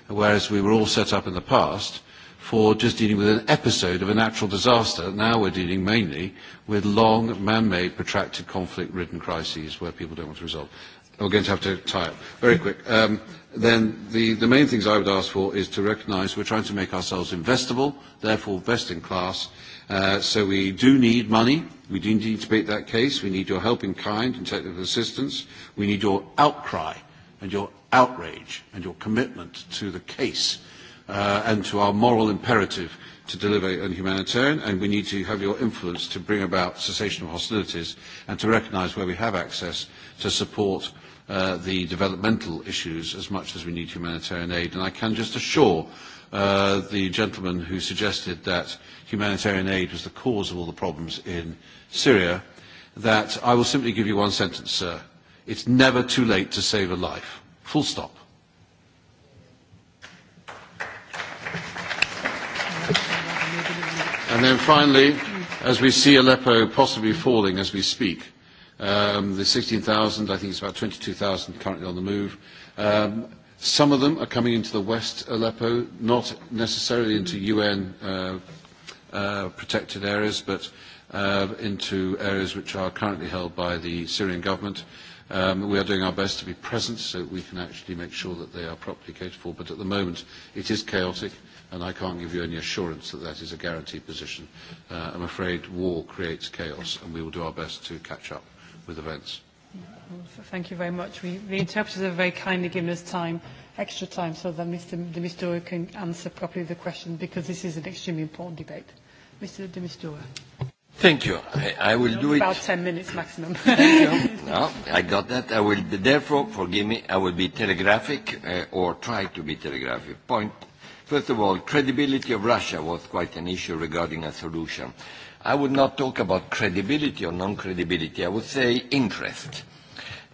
[SPEAKER 5] whereas we were all set up in the past for just dealing with an episode of a natural disaster. Now we're dealing mainly with long, man-made, protracted, conflict-ridden crises where people don't want to resolve. We're going to have to tie up very quick. Um, then the, the main things I would ask for is to recognise we're trying to make ourselves investable, therefore best in class. Uh, so we do need money. We do need to make that case. We need your help in kind and technical assistance. We need your outcry and your outrage and your commitment to the case uh, and to our moral imperative to deliver on humanitarian, and we need to have your influence to bring about cessation of hostilities and to recognise where we have access to support uh, the developmental issues as much as we need humanitarian aid. And I can just assure uh, the gentleman who suggested that humanitarian aid was the cause of all the problems in Syria that I will simply give you one sentence, sir. It's never too late to save a life. Full stop. And then finally, as we see Aleppo possibly falling as we speak, um, the 16,000, I think it's about 22,000 currently on the move. Um, some of them are coming into the West Aleppo, not necessarily into UN uh, uh, protected areas, but uh, into areas which are currently held by the Syrian government. Uh, Um, we are doing our best to be present so that we can actually make sure that they are properly catered for, but at the moment it is chaotic and I can't give you any assurance that that is a guaranteed position. Uh, I'm afraid war creates chaos and we will do our best to catch up with events.
[SPEAKER 6] thank you very much. We, the interpreters have very kindly given us time, extra time, so that Mr. De Mistura can answer properly the question because this is an extremely important debate. Mr. De Mistura.
[SPEAKER 4] Thank you. I, will do it. About
[SPEAKER 6] 10 minutes maximum. Thank you.
[SPEAKER 4] No, I got that. I will, therefore, forgive me, I will be telegraphic uh, or try to be telegraphic. Point. First of all, credibility of Russia was quite an issue regarding a solution. I would not talk about credibility or non-credibility. I would say interest.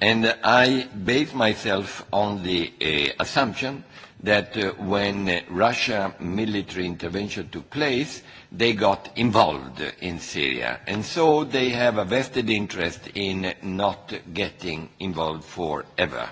[SPEAKER 4] And uh, I base myself on the uh, assumption that uh, when uh, Russia military intervention took place, they got involved in Syria. And so they have a vested interest in not getting involved forever.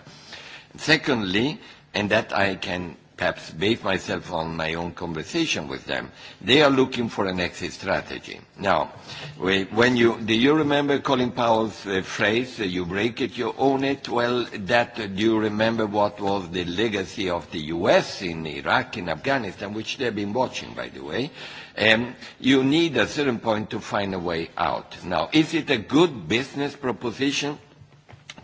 [SPEAKER 4] Secondly, and that I can perhaps base myself on my own conversation with them, they are looking for an exit strategy. Now, when you, do you remember Colin Powell's uh, phrase, uh, you break it, you own it? Well, that, uh, do you remember what was the legacy of the US in Iraq, in Afghanistan, which they've been watching, by the way? Um, you need at a certain point to find a way out. Now, is it a good business proposition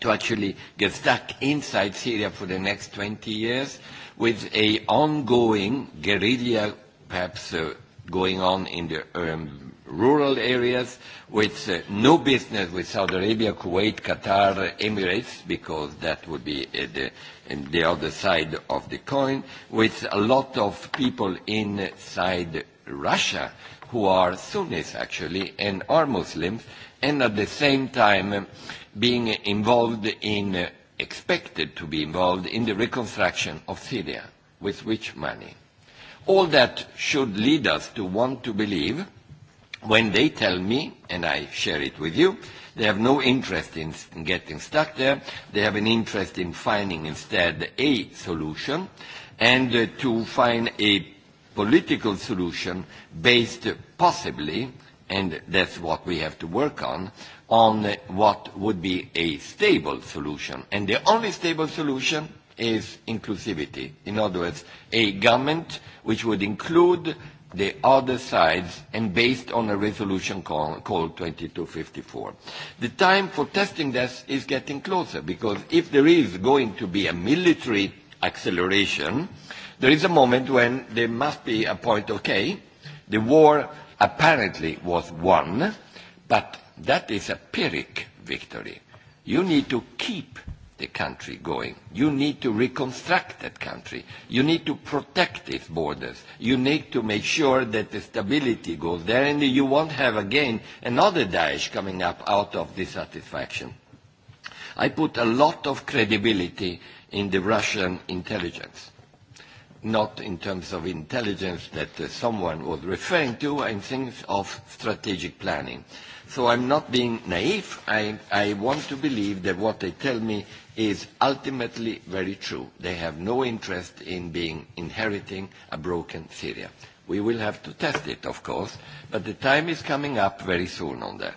[SPEAKER 4] to actually get stuck inside Syria for the next 20 years with a ongoing guerrilla, perhaps uh, going on in the um, rural areas with uh, no business with Saudi Arabia, Kuwait, Qatar, Emirates, because that would be uh, the, the other side of the coin, with a lot of people inside Russia, who are Sunnis actually and are Muslims, and at the same time uh, being involved in, uh, expected to be involved in the reconstruction of Syria. With which money? All that should lead us to want to believe when they tell me, and I share it with you, they have no interest in getting stuck there. They have an interest in finding instead a solution and uh, to find a political solution based possibly, and that's what we have to work on, on what would be a stable solution. And the only stable solution is inclusivity. In other words, a government which would include the other sides and based on a resolution call, called 2254. The time for testing this is getting closer because if there is going to be a military acceleration, there is a moment when there must be a point, okay, the war apparently was won, but that is a Pyrrhic victory. You need to keep the country going. You need to reconstruct that country. You need to protect its borders. You need to make sure that the stability goes there and you won't have again another Daesh coming up out of dissatisfaction. I put a lot of credibility in the Russian intelligence. Not in terms of intelligence that uh, someone was referring to, I think of strategic planning. So I'm not being naive. I, I want to believe that what they tell me is ultimately very true. They have no interest in being inheriting a broken Syria. We will have to test it, of course, but the time is coming up very soon on that.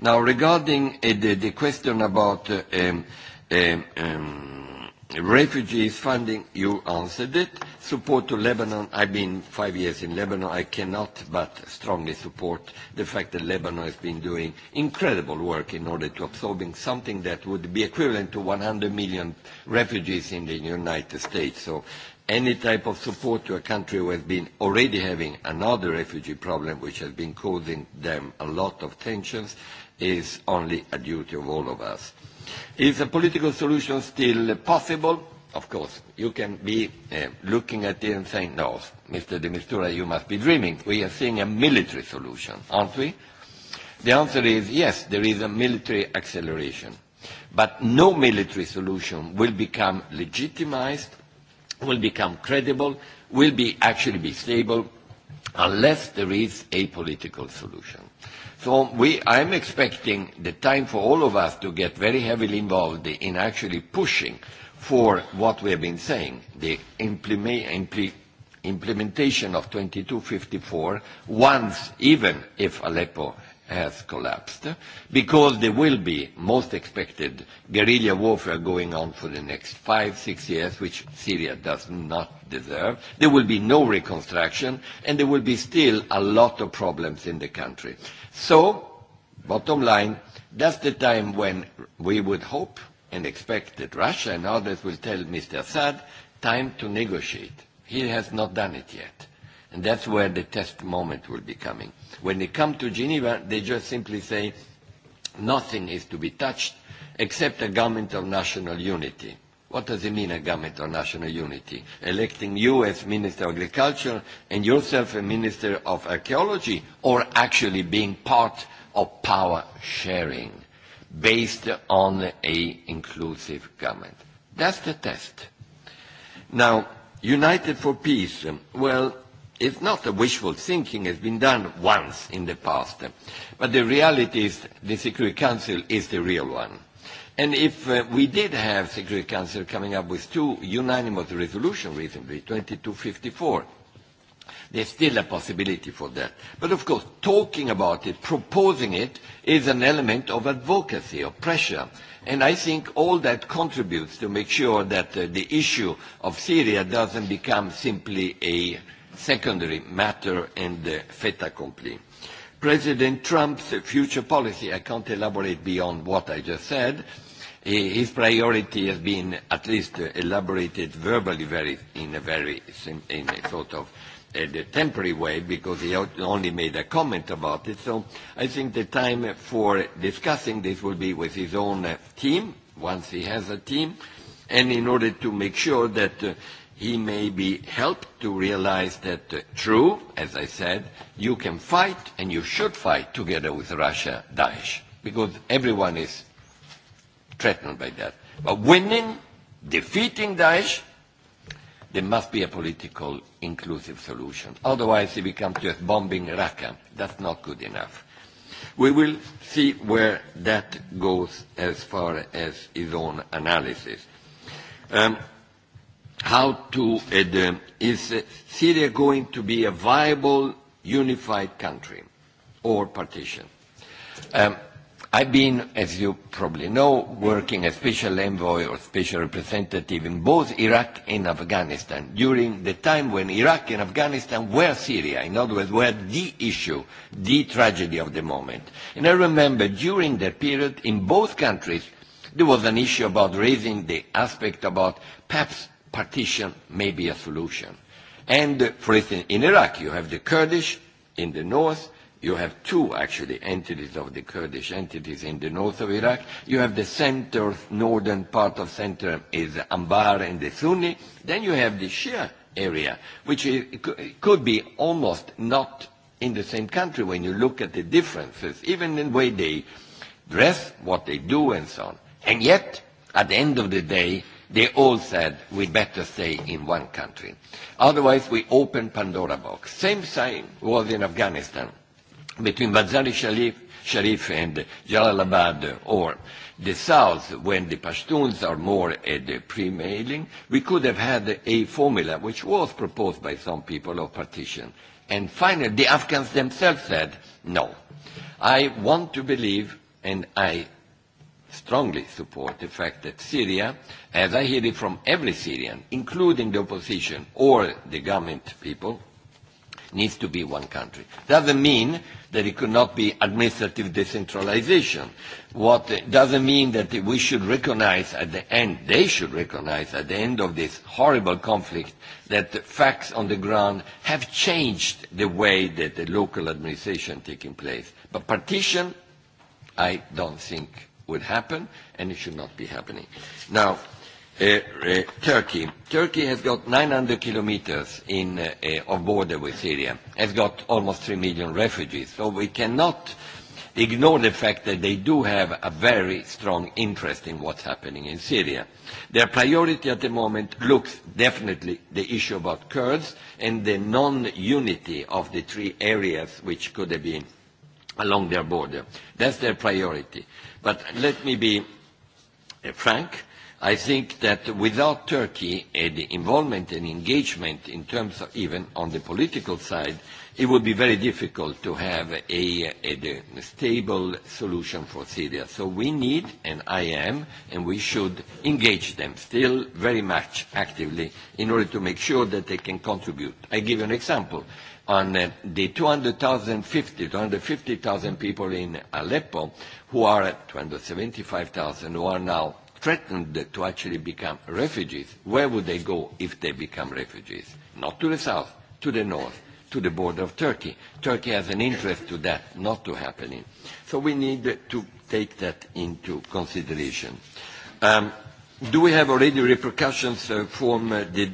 [SPEAKER 4] Now, regarding uh, the, the question about uh, um, um, um Refugees funding, you answered it. Support to Lebanon, I've been five years in Lebanon. I cannot but strongly support the fact that Lebanon has been doing incredible work in order to absorbing something that would be equivalent to 100 million refugees in the United States. So any type of support to a country who has been already having another refugee problem, which has been causing them a lot of tensions, is only a duty of all of us. Is a political solution still possible? Of course, you can be uh, looking at it and saying, "No, Mr. de Mistura, you must be dreaming. We are seeing a military solution, aren't we?" The answer is yes, there is a military acceleration, but no military solution will become legitimized, will become credible, will be actually be stable unless there is a political solution. So we, I'm expecting the time for all of us to get very heavily involved in actually pushing for what we have been saying, the implementation of 2254, once, even if Aleppo has collapsed because there will be, most expected, guerrilla warfare going on for the next five, six years, which Syria does not deserve. There will be no reconstruction, and there will be still a lot of problems in the country. So, bottom line, that's the time when we would hope and expect that Russia and others will tell Mr. Assad, time to negotiate. He has not done it yet. And that's where the test moment will be coming. When they come to Geneva, they just simply say, nothing is to be touched except a government of national unity. What does it mean, a government of national unity? Electing you as Minister of Agriculture and yourself a Minister of Archaeology, or actually being part of power sharing based on a inclusive government. That's the test. Now, United for Peace. Well, It's not a wishful thinking. It's been done once in the past. But the reality is the Security Council is the real one. And if uh, we did have Security Council coming up with two unanimous resolutions recently, 2254, there's still a possibility for that. But of course, talking about it, proposing it, is an element of advocacy, of pressure. And I think all that contributes to make sure that uh, the issue of Syria doesn't become simply a secondary matter and uh, fait accompli. President Trump's future policy, I can't elaborate beyond what I just said. His priority has been at least elaborated verbally very, in a very in a sort of a temporary way because he only made a comment about it. So I think the time for discussing this will be with his own team, once he has a team, and in order to make sure that uh, he may be helped to realize that, uh, true, as I said, you can fight and you should fight together with Russia, Daesh, because everyone is threatened by that. But winning, defeating Daesh, there must be a political inclusive solution. Otherwise, it becomes just bombing Raqqa. That's not good enough. We will see where that goes as far as his own analysis. Um, how to, uh, is uh, Syria going to be a viable, unified country or partition? Um, I've been, as you probably know, working as special envoy or special representative in both Iraq and Afghanistan during the time when Iraq and Afghanistan were Syria, in other words, were the issue, the tragedy of the moment. And I remember during that period in both countries, there was an issue about raising the aspect about perhaps partition may be a solution. And for instance, in Iraq, you have the Kurdish in the north, you have two actually entities of the Kurdish entities in the north of Iraq. You have the center, northern part of center is Ambar and the Sunni. Then you have the Shia area, which is, could be almost not in the same country when you look at the differences, even in the way they dress, what they do, and so on. And yet, at the end of the day, They all said we better stay in one country. Otherwise, we open Pandora box. Same thing was in Afghanistan between bazar Sharif, Sharif and Jalalabad or the south, when the Pashtuns are more at the prevailing, we could have had a formula which was proposed by some people of partition. And finally, the Afghans themselves said, no. I want to believe, and I strongly support the fact that Syria, as I hear it from every Syrian, including the opposition or the government people, needs to be one country. Doesn't mean that it could not be administrative decentralization. What uh, doesn't mean that we should recognize at the end, they should recognize at the end of this horrible conflict that the facts on the ground have changed the way that the local administration taking place. But partition, I don't think would happen, and it should not be happening. Now, uh, uh, Turkey. Turkey has got 900 kilometers in, uh, uh, of border with Syria, has got almost 3 million refugees, so we cannot ignore the fact that they do have a very strong interest in what's happening in Syria. Their priority at the moment looks definitely the issue about Kurds and the non-unity of the three areas which could have been along their border. That's their priority. But let me be uh, frank. I think that without Turkey, uh, the involvement and engagement in terms of even on the political side, it would be very difficult to have a, a, a stable solution for Syria. So we need, and I am, and we should engage them still very much actively in order to make sure that they can contribute. I give you an example on uh, the 250,000 250, people in Aleppo who are 275,000 who are now threatened to actually become refugees, where would they go if they become refugees? Not to the south, to the north, to the border of Turkey. Turkey has an interest to that not to happening. So we need to take that into consideration. Um, do we have already repercussions uh, from uh, the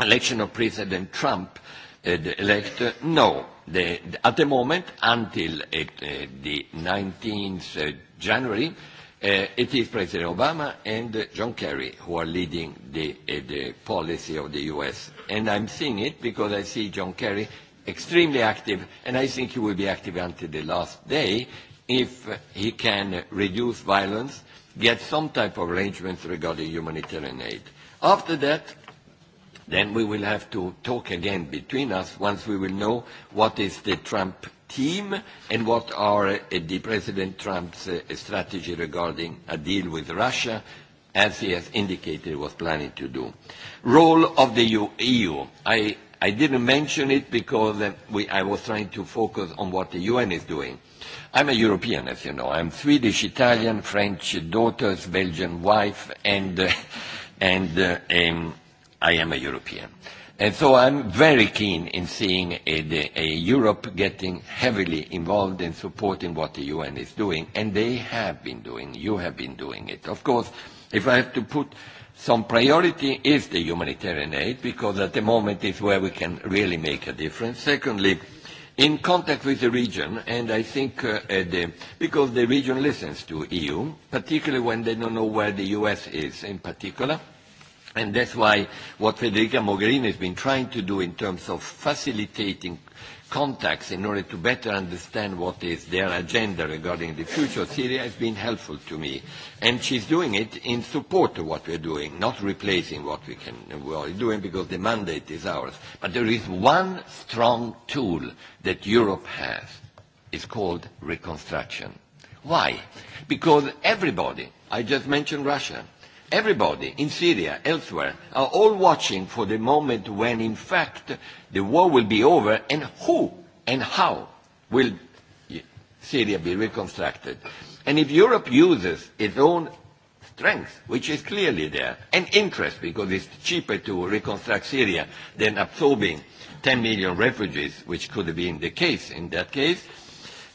[SPEAKER 4] election of President Trump elect? No. The, at the moment, until it, uh, eh, eh, the 19th uh, January, uh, it is President Obama and John Kerry who are leading the, the policy of the U.S. And I'm seeing it because I see John Kerry extremely active, and I think he will be active until the last day if he can reduce violence, get some type of arrangements regarding humanitarian aid. After that, Then we will have to talk again between us once we will know what is the Trump team and what are uh, the President Trump's uh, strategy regarding a deal with Russia, as he has indicated was planning to do. Role of the EU. E I, I didn't mention it because uh, we, I was trying to focus on what the UN is doing. I'm a European, as you know. I'm Swedish, Italian, French daughters, Belgian wife, and, uh, and uh, um, i am a European. And so I'm very keen in seeing a, a Europe getting heavily involved in supporting what the UN is doing, and they have been doing, you have been doing it. Of course, if I have to put some priority is the humanitarian aid, because at the moment it's where we can really make a difference. Secondly, in contact with the region, and I think uh, uh, the, because the region listens to EU, particularly when they don't know where the US is in particular, And that's why what Federica Mogherini has been trying to do in terms of facilitating contacts in order to better understand what is their agenda regarding the future of Syria has been helpful to me. And she's doing it in support of what we're doing, not replacing what we can, we are doing because the mandate is ours. But there is one strong tool that Europe has. It's called reconstruction. Why? Because everybody, I just mentioned Russia, everybody in Syria, elsewhere, are all watching for the moment when, in fact, the war will be over and who and how will Syria be reconstructed. And if Europe uses its own strength, which is clearly there, and interest, because it's cheaper to reconstruct Syria than absorbing 10 million refugees, which could have been the case in that case,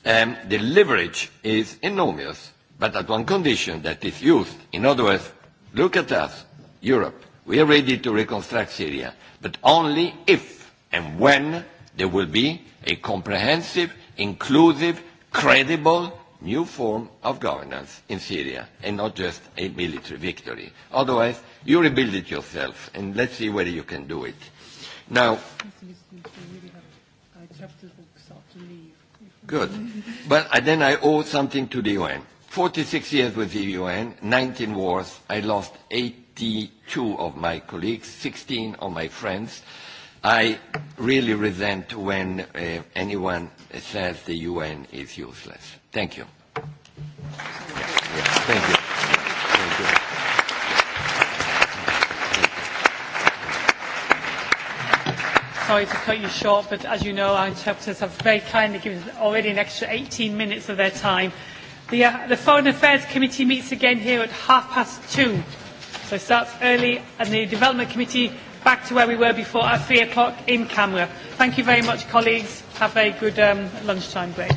[SPEAKER 4] um, the leverage is enormous, but at one condition that is used. In other words, Look at us, Europe. We are ready to reconstruct Syria, but only if and when there will be a comprehensive, inclusive, credible new form of governance in Syria and not just a military victory. Otherwise, you rebuild it yourself and let's see whether you can do it. Now, good. But then I owe something to the UN. 46 years with the UN, 19 wars. I lost 82 of my colleagues, 16 of my friends. I really resent when uh, anyone says the UN is useless. Thank you. Yeah, yeah, thank you.
[SPEAKER 6] Sorry to cut you short, but as you know, our interpreters have very kindly given already an extra 18 minutes of their time The, uh, the Foreign Affairs Committee meets again here at half past two. So it starts early and the Development Committee back to where we were before at three o'clock in camera. Thank you very much colleagues. Have a good um, lunchtime break.